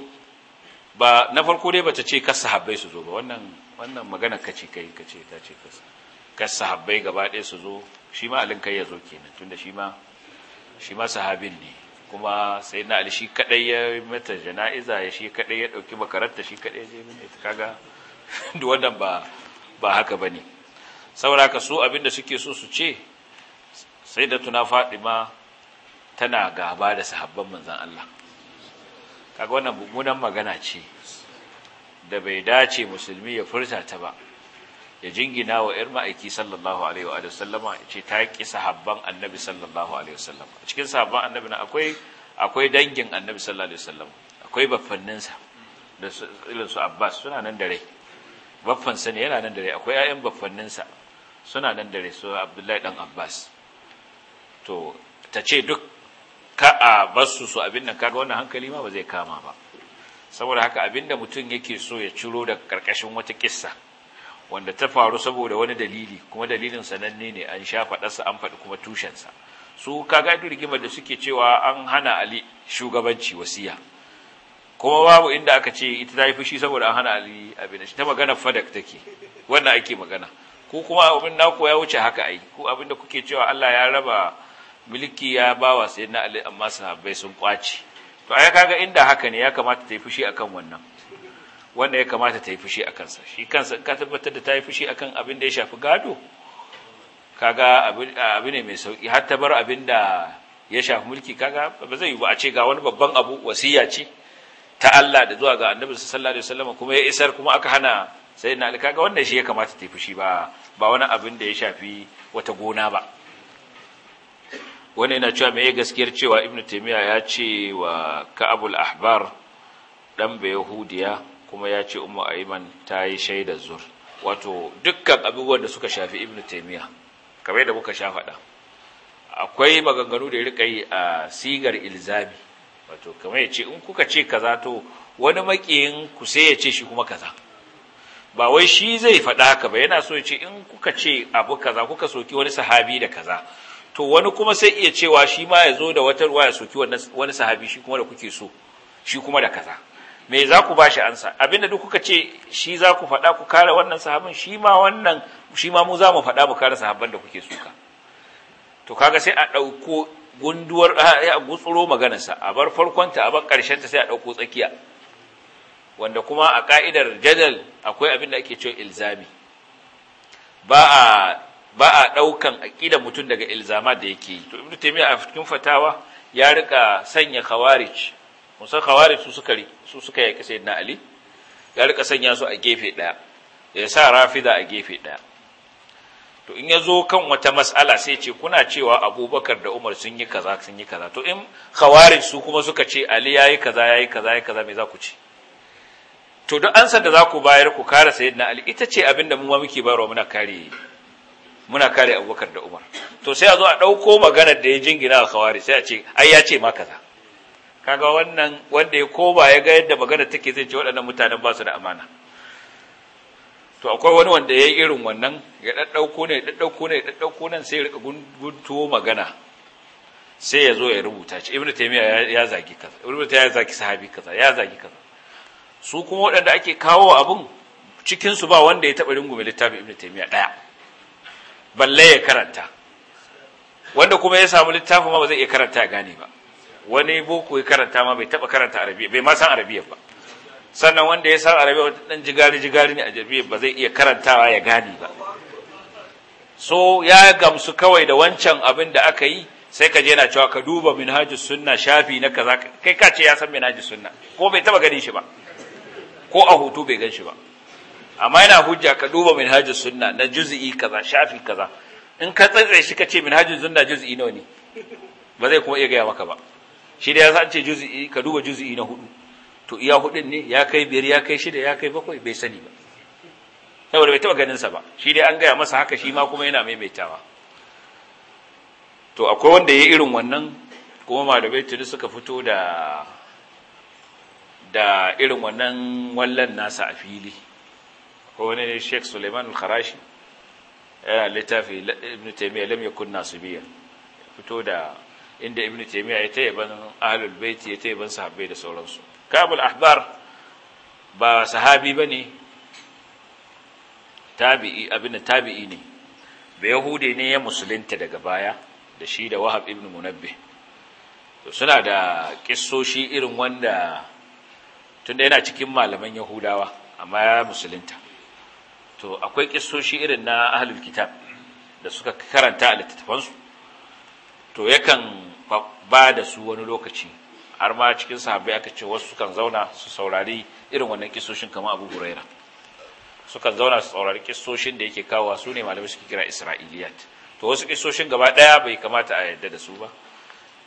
ba na farko dai bata ce kasa sahabbai su zo ba wannan wannan magana kace kai kace ta ce kasa kasa sahabbai gaba ɗaya su zo shi ma alin kai ya zo kenan tunda shi ma shi ma sahabin ne kuma sai na alishi shi kadai ya mata jana'iza ya shi kadai ya dauki makaranta shi kadai ya je mun ita kaga duk wannan ba ba haka bane saboda ka so abinda suke so su ce sai da tuna Fadima tana gaba da sahabban manzon Allah kaga wannan mummunan magana ce da bai dace musulmi ya furta ta ba ya jingina wa ‘yar ma'aiki sallallahu Alaihi wa sallama ce ta ƙi sahabban annabi sallallahu Alaihi wasallama a cikin sahabban annabi na akwai akwai dangin annabi sallallahu Alaihi sallama akwai sa da su abbas suna nan da rai sa ne yana nan da rai akwai ‘ya'yan sa suna nan da rai su abdullahi dan abbas to ta ce duk ka a basu su abin nan kaga wannan hankali ma ba zai kama ba saboda haka abin da mutum yake so ya ciro da karkashin wata kissa wanda ta faru saboda wani dalili kuma dalilin sananne ne an sha faɗarsa an faɗi kuma tushensa su kaga duk rigimar da suke cewa an hana ali shugabanci wasiya kuma babu inda aka ce ita ta yi fushi saboda an hana ali abin ta magana fadak take wannan ake magana ko kuma abin naku ya wuce haka ai ko abin da kuke cewa Allah ya raba Milki ya bawa na ali amma sahabbai sun kwaci to ai kaga inda haka ne ya kamata ta yi fushi akan wannan wanda ya kamata ta yi fushi a kansa shi kansa ka tabbatar da ta yi fushi akan abin da ya shafi gado kaga abu ne mai sauki har ta bar abin da ya shafi mulki kaga ba zai yi ba a ce ga wani babban abu wasiya ce ta Allah da zuwa ga annabi sallallahu alaihi wasallam kuma ya isar kuma aka hana sayyidina ali kaga wannan shi ya kamata ta yi fushi ba ba wani abin da ya shafi wata gona ba wani yana cewa mai gaskiyar cewa ibn taimiyya ya ce wa ka'abul ahbar Dan bai yahudiya kuma ya ce umar aiman ta yi shaidar zur wato dukkan abubuwan da suka shafi ibn taimiyya kamar da muka shafaɗa faɗa akwai maganganu da ya rika yi a sigar ilzami wato kamar ya ce in kuka ce kaza to wani makiyin ku sai ya ce shi kuma kaza ba wai shi zai faɗa haka ba yana so ya ce in kuka ce abu kaza kuka soki wani sahabi da kaza to wani kuma sai iya cewa shi ma ya zo da wata ruwa ya soki wani sahabi shi kuma da kuke so shi kuma da kaza me za ku ba shi ansa abinda duk kuka ce shi za ku faɗa ku kare wannan sahabin shi ma wannan shi ma mu za mu faɗa mu kare sahabban da kuke so ka. to kaga sai a ɗauko gunduwar a gutsuro maganarsa a bar farkonta a bar ƙarshenta sai a ɗauko tsakiya wanda kuma a ka'idar jadal akwai abin da ake cewa ilzami ba a ba a ɗaukan aƙida mutum daga ilzama da yake yi to ibnu taymiya a cikin fatawa ya rika sanya khawarij musa khawarij su suka su suka yake sayyidina ali ya rika sanya su a gefe ɗaya ya sa rafida a gefe ɗaya to in ya zo kan wata mas'ala sai ce kuna cewa abubakar da umar sun yi kaza sun yi kaza to in khawarij su kuma suka ce ali yayi kaza yayi kaza yayi kaza me za ku ce to duk ansar da za ku bayar ku kare sayyidina ali ita ce abinda mu ma muke bayarwa muna kare muna kare abubakar da umar to sai a zo a ɗauko maganar da ya jingina a sai a ce ai ya ce ma kaza kaga wannan wanda ya koma ya ga yadda magana take zai ce waɗannan mutanen ba su da amana to akwai wani wanda ya yi irin wannan ya ɗaɗɗauko ne ya ɗaɗɗauko ne ya ɗaɗɗauko nan sai ya riƙa guntuwo magana sai ya zo ya rubuta ce ibnu taymiya ya zagi kaza ibnu taymiya ya zagi sahabi kaza ya zagi kaza su kuma waɗanda ake kawo abin cikin su ba wanda ya taɓa rungume littafin ibnu taymiya ɗaya balle ya karanta wanda kuma ya samu littafi ma ba zai iya karanta gane ba wani boko ya karanta ma bai taba karanta arabiya bai ma san arabiya ba sannan wanda ya san arabiya wata dan jigari jigari ne a jabiya ba zai iya karantawa ya gane ba so ya gamsu kawai da wancan abin da aka yi sai ka je na cewa ka duba minhajus sunna shafi na kaza kai ka ce ya san minhajus sunna ko bai taba ganin shi ba ko a hutu bai gan shi ba amma yana hujja ka duba minhajus sunna na juz'i kaza shafi kaza in ka tsatsa shi ka ce minhajus sunna juz'i nawa ne ba zai kuma iya gaya maka ba shi da ya san ce juz'i ka duba juz'i na hudu to iya hudun ne ya kai biyar ya kai shida ya kai bakwai bai sani ba saboda bai taba ganin sa ba shi dai an gaya masa haka shi ma kuma yana maimaitawa to akwai wanda ya irin wannan kuma malamai tuni suka fito da da irin wannan wallan nasa a fili ko wani ne Sheikh Suleiman al-Kharashi yana littafi Ibn Taymiyyah lam yakun nasibiya fito da inda Ibn taimiyya ya ban ahlul bait ya ban sahabbai da sauransu Kabul Ahbar ba sahabi bane tabi'i abin tabi'i ne ba yahudi ne ya musulunta daga baya da shi da Wahab ibn Munabbih to suna da kissoshi irin wanda tunda yana cikin malaman Yahudawa amma ya musulunta to akwai kisoshi irin na ahlul kitab da suka karanta a littattafansu to yakan ba da su wani lokaci har ma cikin sahabbai aka ce wasu kan zauna su saurari irin wannan kissoshin kamar abu huraira sukan zauna su saurari kisoshin da yake kawo su ne malamai suke kira isra'iliyat to wasu kisoshin gaba daya bai kamata a yarda da su ba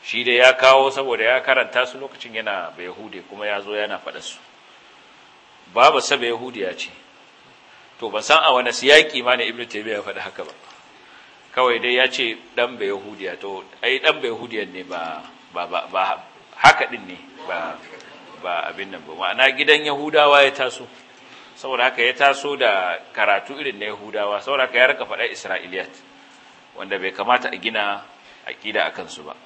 shi dai ya kawo saboda ya karanta su lokacin yana bai yahude kuma ya zo yana faɗa su babu saba yahudiya ce to ban san a wani siyaki ma ne ibnu taymiya ya faɗi haka ba kawai dai ya ce dan bai yahudiya to ai dan bai yahudiyan ne ba ba ba haka din ne ba ba abin nan ba ma'ana gidan yahudawa ya taso saboda haka ya taso da karatu irin na yahudawa saboda haka ya raka faɗa isra'iliyat wanda bai kamata a gina aƙida a kansu ba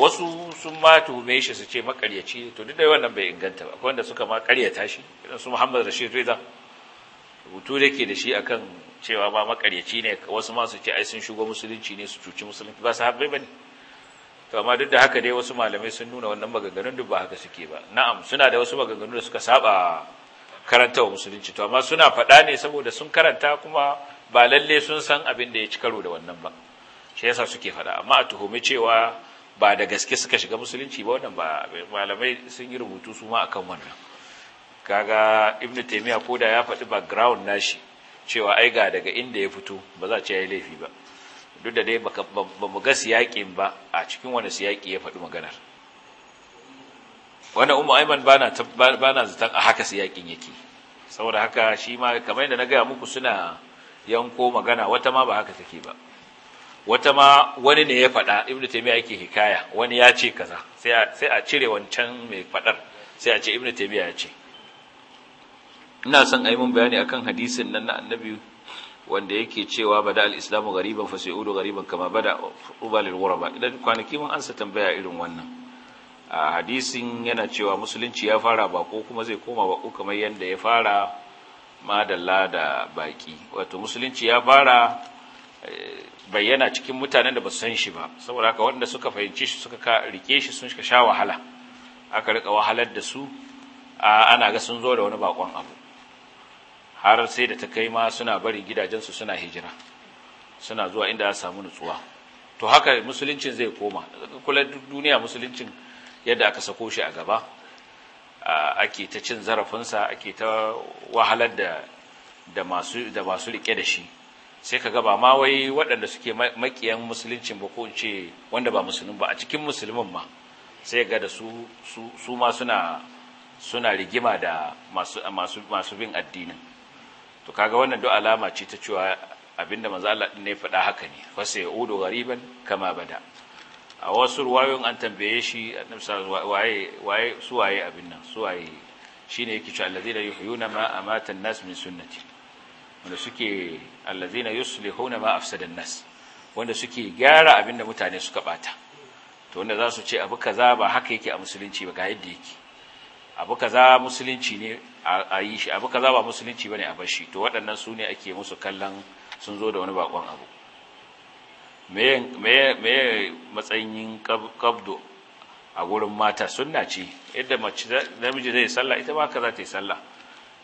wasu sun ma tuhume shi su ce makaryaci to duk da wannan bai inganta ba akwai wanda suka ma karyata shi irin su muhammad rashid reza rubutu da ke da shi akan cewa ba makaryaci ne wasu masu ce ai sun shigo musulunci ne su cuci musulunci ba su haɓe ba ne to amma duk da haka dai wasu malamai sun nuna wannan maganganun duk ba haka suke ba na'am suna da wasu maganganu da suka saba karanta wa musulunci to amma suna faɗa ne saboda sun karanta kuma ba lalle sun san abin da ya ci karo da wannan ba shi yasa suke faɗa amma a tuhumi cewa ba da gaske suka shiga musulunci ba wannan ba malamai sun yi rubutu su ma akan wannan kaga ibn taymiya ko da ya faɗi background nashi cewa ai ga daga inda ya fito ba za ce ya laifi ba duk da dai ba mu ga siyaƙin ba a cikin wani siyaƙi ya faɗi maganar wannan Umar aiman ba na zaton a haka siyaƙin yake saboda haka shi ma kamar yadda na gaya muku suna yanko magana wata ma ba haka take ba wata ma wani ne ya faɗa ibnu taymiya yake hikaya wani ya ce kaza sai a cire wancan mai faɗar sai a ce ibnu taymiya ya ce ina son a yi mun bayani akan hadisin nan na annabi wanda yake cewa bada al-islamu gariban fa udu gariban kama bada ubalil ghuraba idan kwanaki mun ansa tambaya irin wannan a hadisin yana cewa musulunci ya fara bako kuma zai koma bako kamar yadda ya fara madalla da baki wato musulunci ya fara eh, bayyana cikin mutanen da ba su san shi ba saboda haka wanda suka fahimci shi suka rike shi sun sha wahala aka rika wahalar da su ana ga sun zo da wani bakon abu har sai da ta kai ma suna bari gidajensu suna hijira suna zuwa inda za samu nutsuwa to haka musuluncin zai koma kula duniya musuluncin yadda aka sako shi a gaba ake ta cin zarafinsa ake ta wahalar da da masu da masu rike da shi sai ka gaba ma wai waɗanda suke makiyan musuluncin ba ko ce wanda ba musulun ba a cikin musulmin ma sai ga da su su ma suna suna rigima da masu masu masu bin addinin to kaga wannan duk alama ce ta cewa abinda manzo Allah din ne faɗa haka ne fa sai udu ghariban kama bada a wasu ruwayoyin an tambaye shi annabi waye waye su waye abin nan su waye shine yake cewa allazina yuhyuna ma amata an-nas min sunnati wanda suke allazina yuslihuna ma afsada an-nas wanda suke gyara abinda mutane suka bata to wanda za su ce abu kaza ba haka yake a musulunci ba ga yadda yake abu kaza musulunci ne a yi shi abu kaza ba musulunci bane a bashi to waɗannan su ne ake musu kallon sun zo da wani bakon abu meye matsayin kabdo a gurin mata sunna ce yadda namiji zai sallah ita ba kaza ta yi sallah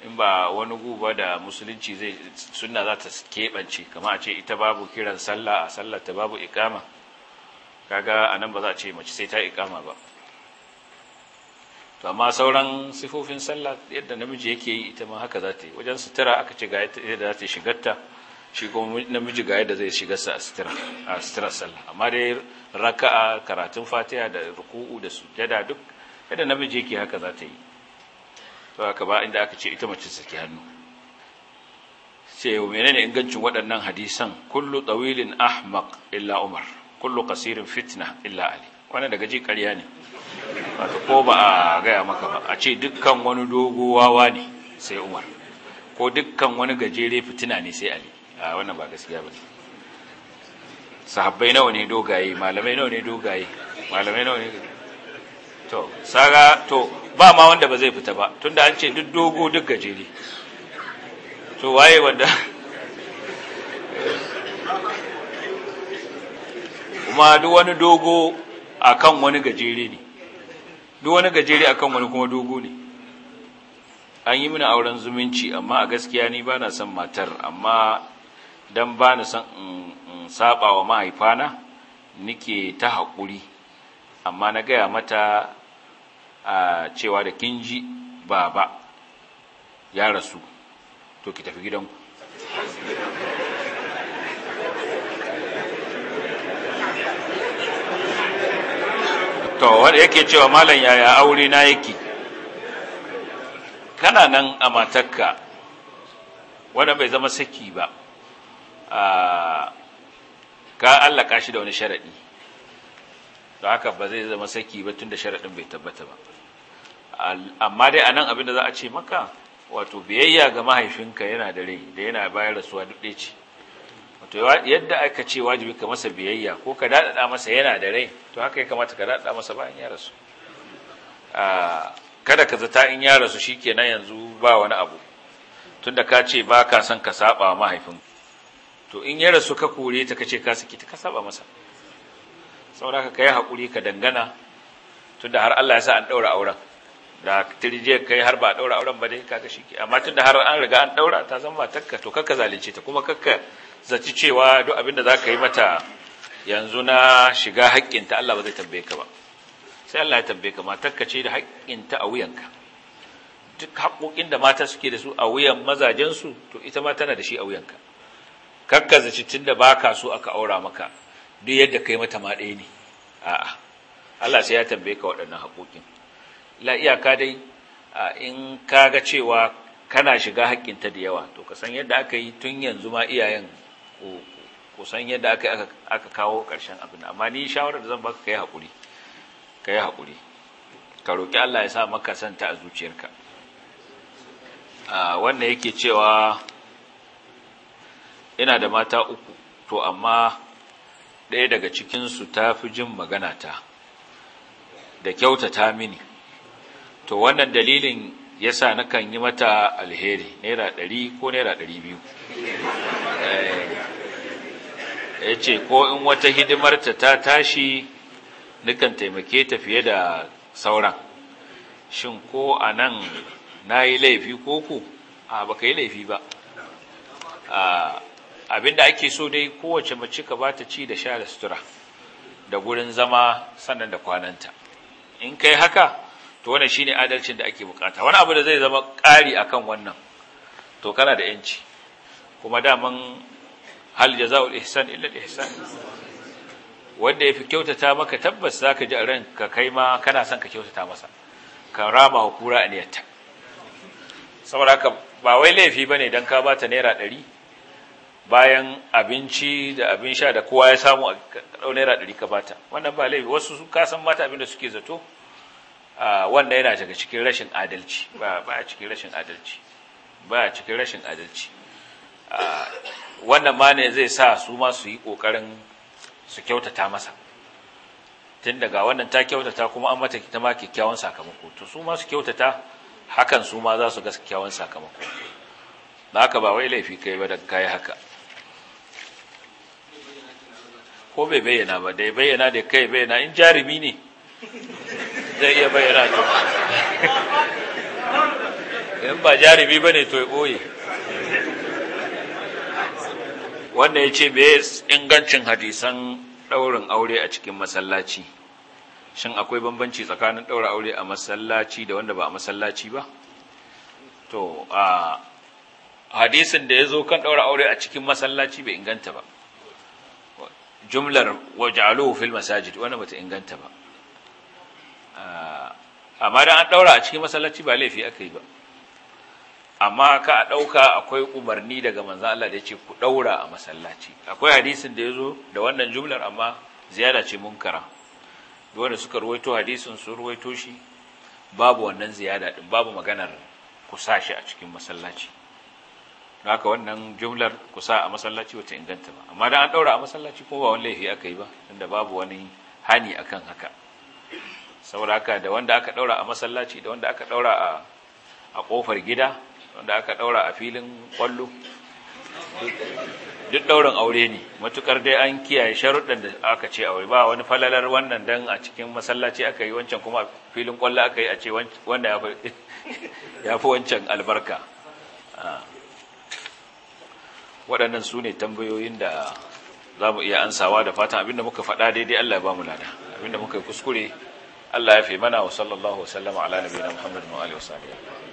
in ba wani guba da musulunci zai sunna za ta keɓance kama a ce ita babu kiran sallah a sallah ta babu ikama kaga anan ba za a ce mace sai ta ikama ba to amma sauran sifofin sallah yadda namiji yake yi ita ma haka za ta yi wajen sutura aka ce ga yadda za ta shigarta shi kuma namiji ga yadda zai shigarsa a sutura a sutura sallah amma dai raka'a karatun fatiha da ruku'u da sujada duk yadda namiji yake haka za ta yi to haka ba inda aka ce ita mace saki hannu sai yau menene ingancin waɗannan hadisan kullu ɗawilin ahmaq illa umar kullu qasirin fitna illa ali wannan daga ji ƙarya ne wato ko ba a gaya maka ba a ce dukkan wani dogo wawa ne sai umar ko dukkan wani gajere fitina ne sai ali a wannan ba gaskiya ba sahabbai nawa ne dogaye malamai nawa ne dogaye malamai nawa ne to saga to ba ma wanda ba zai fita ba tunda an ce duk dogo duk gajere to waye wanda kuma duk wani dogo akan wani gajere ne duk wani gajere akan wani kuma dogo ne an yi mini auren zumunci amma a gaskiya ni ba na son matar amma don ba na son in saba wa mahaifana nike ta haƙuri amma na gaya mata a cewa da kin ji baba ya rasu to ki tafi gidanku to wanda yake cewa malam yaya aure na yake kana nan a matakka wanda bai zama saki ba ka allaka shi da wani sharaɗi da haka ba zai zama saki ba tun da sharaɗin bai tabbata ba amma dai a nan abinda za a ce maka wato biyayya ga mahaifinka yana da rai da yana bayar da suwa duk ce to yadda aka ce wajibi ka masa biyayya ko ka daɗaɗa masa yana da rai to haka ya kamata ka daɗaɗa masa bayan ya rasu kada ka zata in ya rasu shikenan yanzu ba wani abu tunda ka ce ba ka son ka saba wa mahaifin to in ya rasu ka kore ta kace ka saki ta ka saba masa saboda ka kai hakuri ka dangana tunda har Allah ya sa an daura auren da tirje kai har ba daura auren ba dai kaga shi amma tunda har an riga an daura ta zama takka to kakka zalunce ta kuma kakka zaci cewa duk abin da za ka yi mata yanzu na shiga haƙƙinta Allah ba zai tambaye ka ba sai Allah ya tambaye ka matarka ce da haƙƙinta a wuyanka duk haƙoƙin da mata suke da su a wuyan mazajensu to ita ma tana da shi a wuyanka kakka zaci tun da baka so aka aura maka duk yadda ka yi mata ma ɗaya ne a'a Allah sai ya tambaye ka waɗannan haƙoƙin la iyaka dai in kaga cewa kana shiga haƙƙinta da yawa to ka san yadda aka yi tun yanzu ma iyayen kusan yadda aka aka kawo ƙarshen abin amma ni shawarar da zan baka kai haƙuri kai haƙuri ka roki Allah ya sa maka santa a zuciyarka a wanda yake cewa ina da mata uku to amma ɗaya daga cikinsu ta fi jin magana ta da kyautata mini to wannan dalilin yasa nakan yi mata alheri naira ɗari ko naira ɗari biyu eh, ya ce ko in wata hidimarta ta tashi nukan taimake ta fiye da sauran shin ko a nan na yi laifi ko ku a baka yi laifi ba abinda ake so dai kowace mace ka ba ta ci da sha da sutura da gurin zama sannan da kwananta in kai haka to wannan shine adalcin da ake bukata wani abu da zai zama ƙari akan wannan to kana da yanci kuma daman hal jazaul ihsan illa ihsan wanda yafi kyautata maka tabbas zaka ji a ka kai ma kana son ka kyautata masa ka rama hukura aniyarta saboda haka ba wai laifi bane dan ka bata naira 100 bayan abinci da abin sha da kowa ya samu a naira 100 ka bata wannan ba laifi wasu ka san mata abin da suke zato Ah, wanda yana daga cikin rashin adalci ba a cikin rashin adalci ba a cikin rashin adalci ah, wannan ma ne zai sa su ma su yi ƙoƙarin su kyautata masa tun daga wannan ta kyautata kuma an mata ta ma kyakkyawan sakamako to su ma su kyautata hakan su ma za su ga kyakkyawan sakamako na haka ba wai laifi kai ba da kai haka ko bai bayyana ba dai bayyana da kai bayyana in jarumi ne zai iya bayyana to in ba jarumi ba ne to ya ɓoye Wannan ya ce bai ingancin hadisan ɗaurin aure a cikin masallaci shin akwai bambanci tsakanin ɗaura aure a masallaci da wanda ba a masallaci ba to a hadisin da ya zo kan ɗaura aure a cikin masallaci bai inganta ba jumlar wajaluhu fil masajid wani bata inganta ba Ah, amma dan an daura a cikin masallaci ba laifi aka yi ba amma ka a dauka akwai umarni daga manzan Allah da ce ku ɗaura a masallaci akwai hadisin da ya zo da wannan jumlar amma ziyada ce munkara wanda suka ruwaito hadisin su ruwaito shi babu wannan ziyada din babu maganar kusa shi a cikin masallaci don haka wannan jumlar kusa a masallaci wata inganta ba amma dan an daura a masallaci ko ba wani laifi aka yi ba inda babu wani hani akan haka sauraka da wanda aka daura a masallaci da wanda aka daura a kofar gida wanda aka daura a filin kwallo duk daurin aure ne matukar dai an kiyaye sharuɗan da aka ce aure ba wani falalar wannan dan a cikin masallaci aka yi wancan kuma filin kwallo aka yi a ce wanda ya fi wancan albarka waɗannan su ne tambayoyin da za mu iya ansawa da fatan abinda muka faɗa daidai Allah ya ba mu lada abinda muka yi kuskure الله يفي منا وصلى الله وسلم على نبينا محمد وآله وصحبه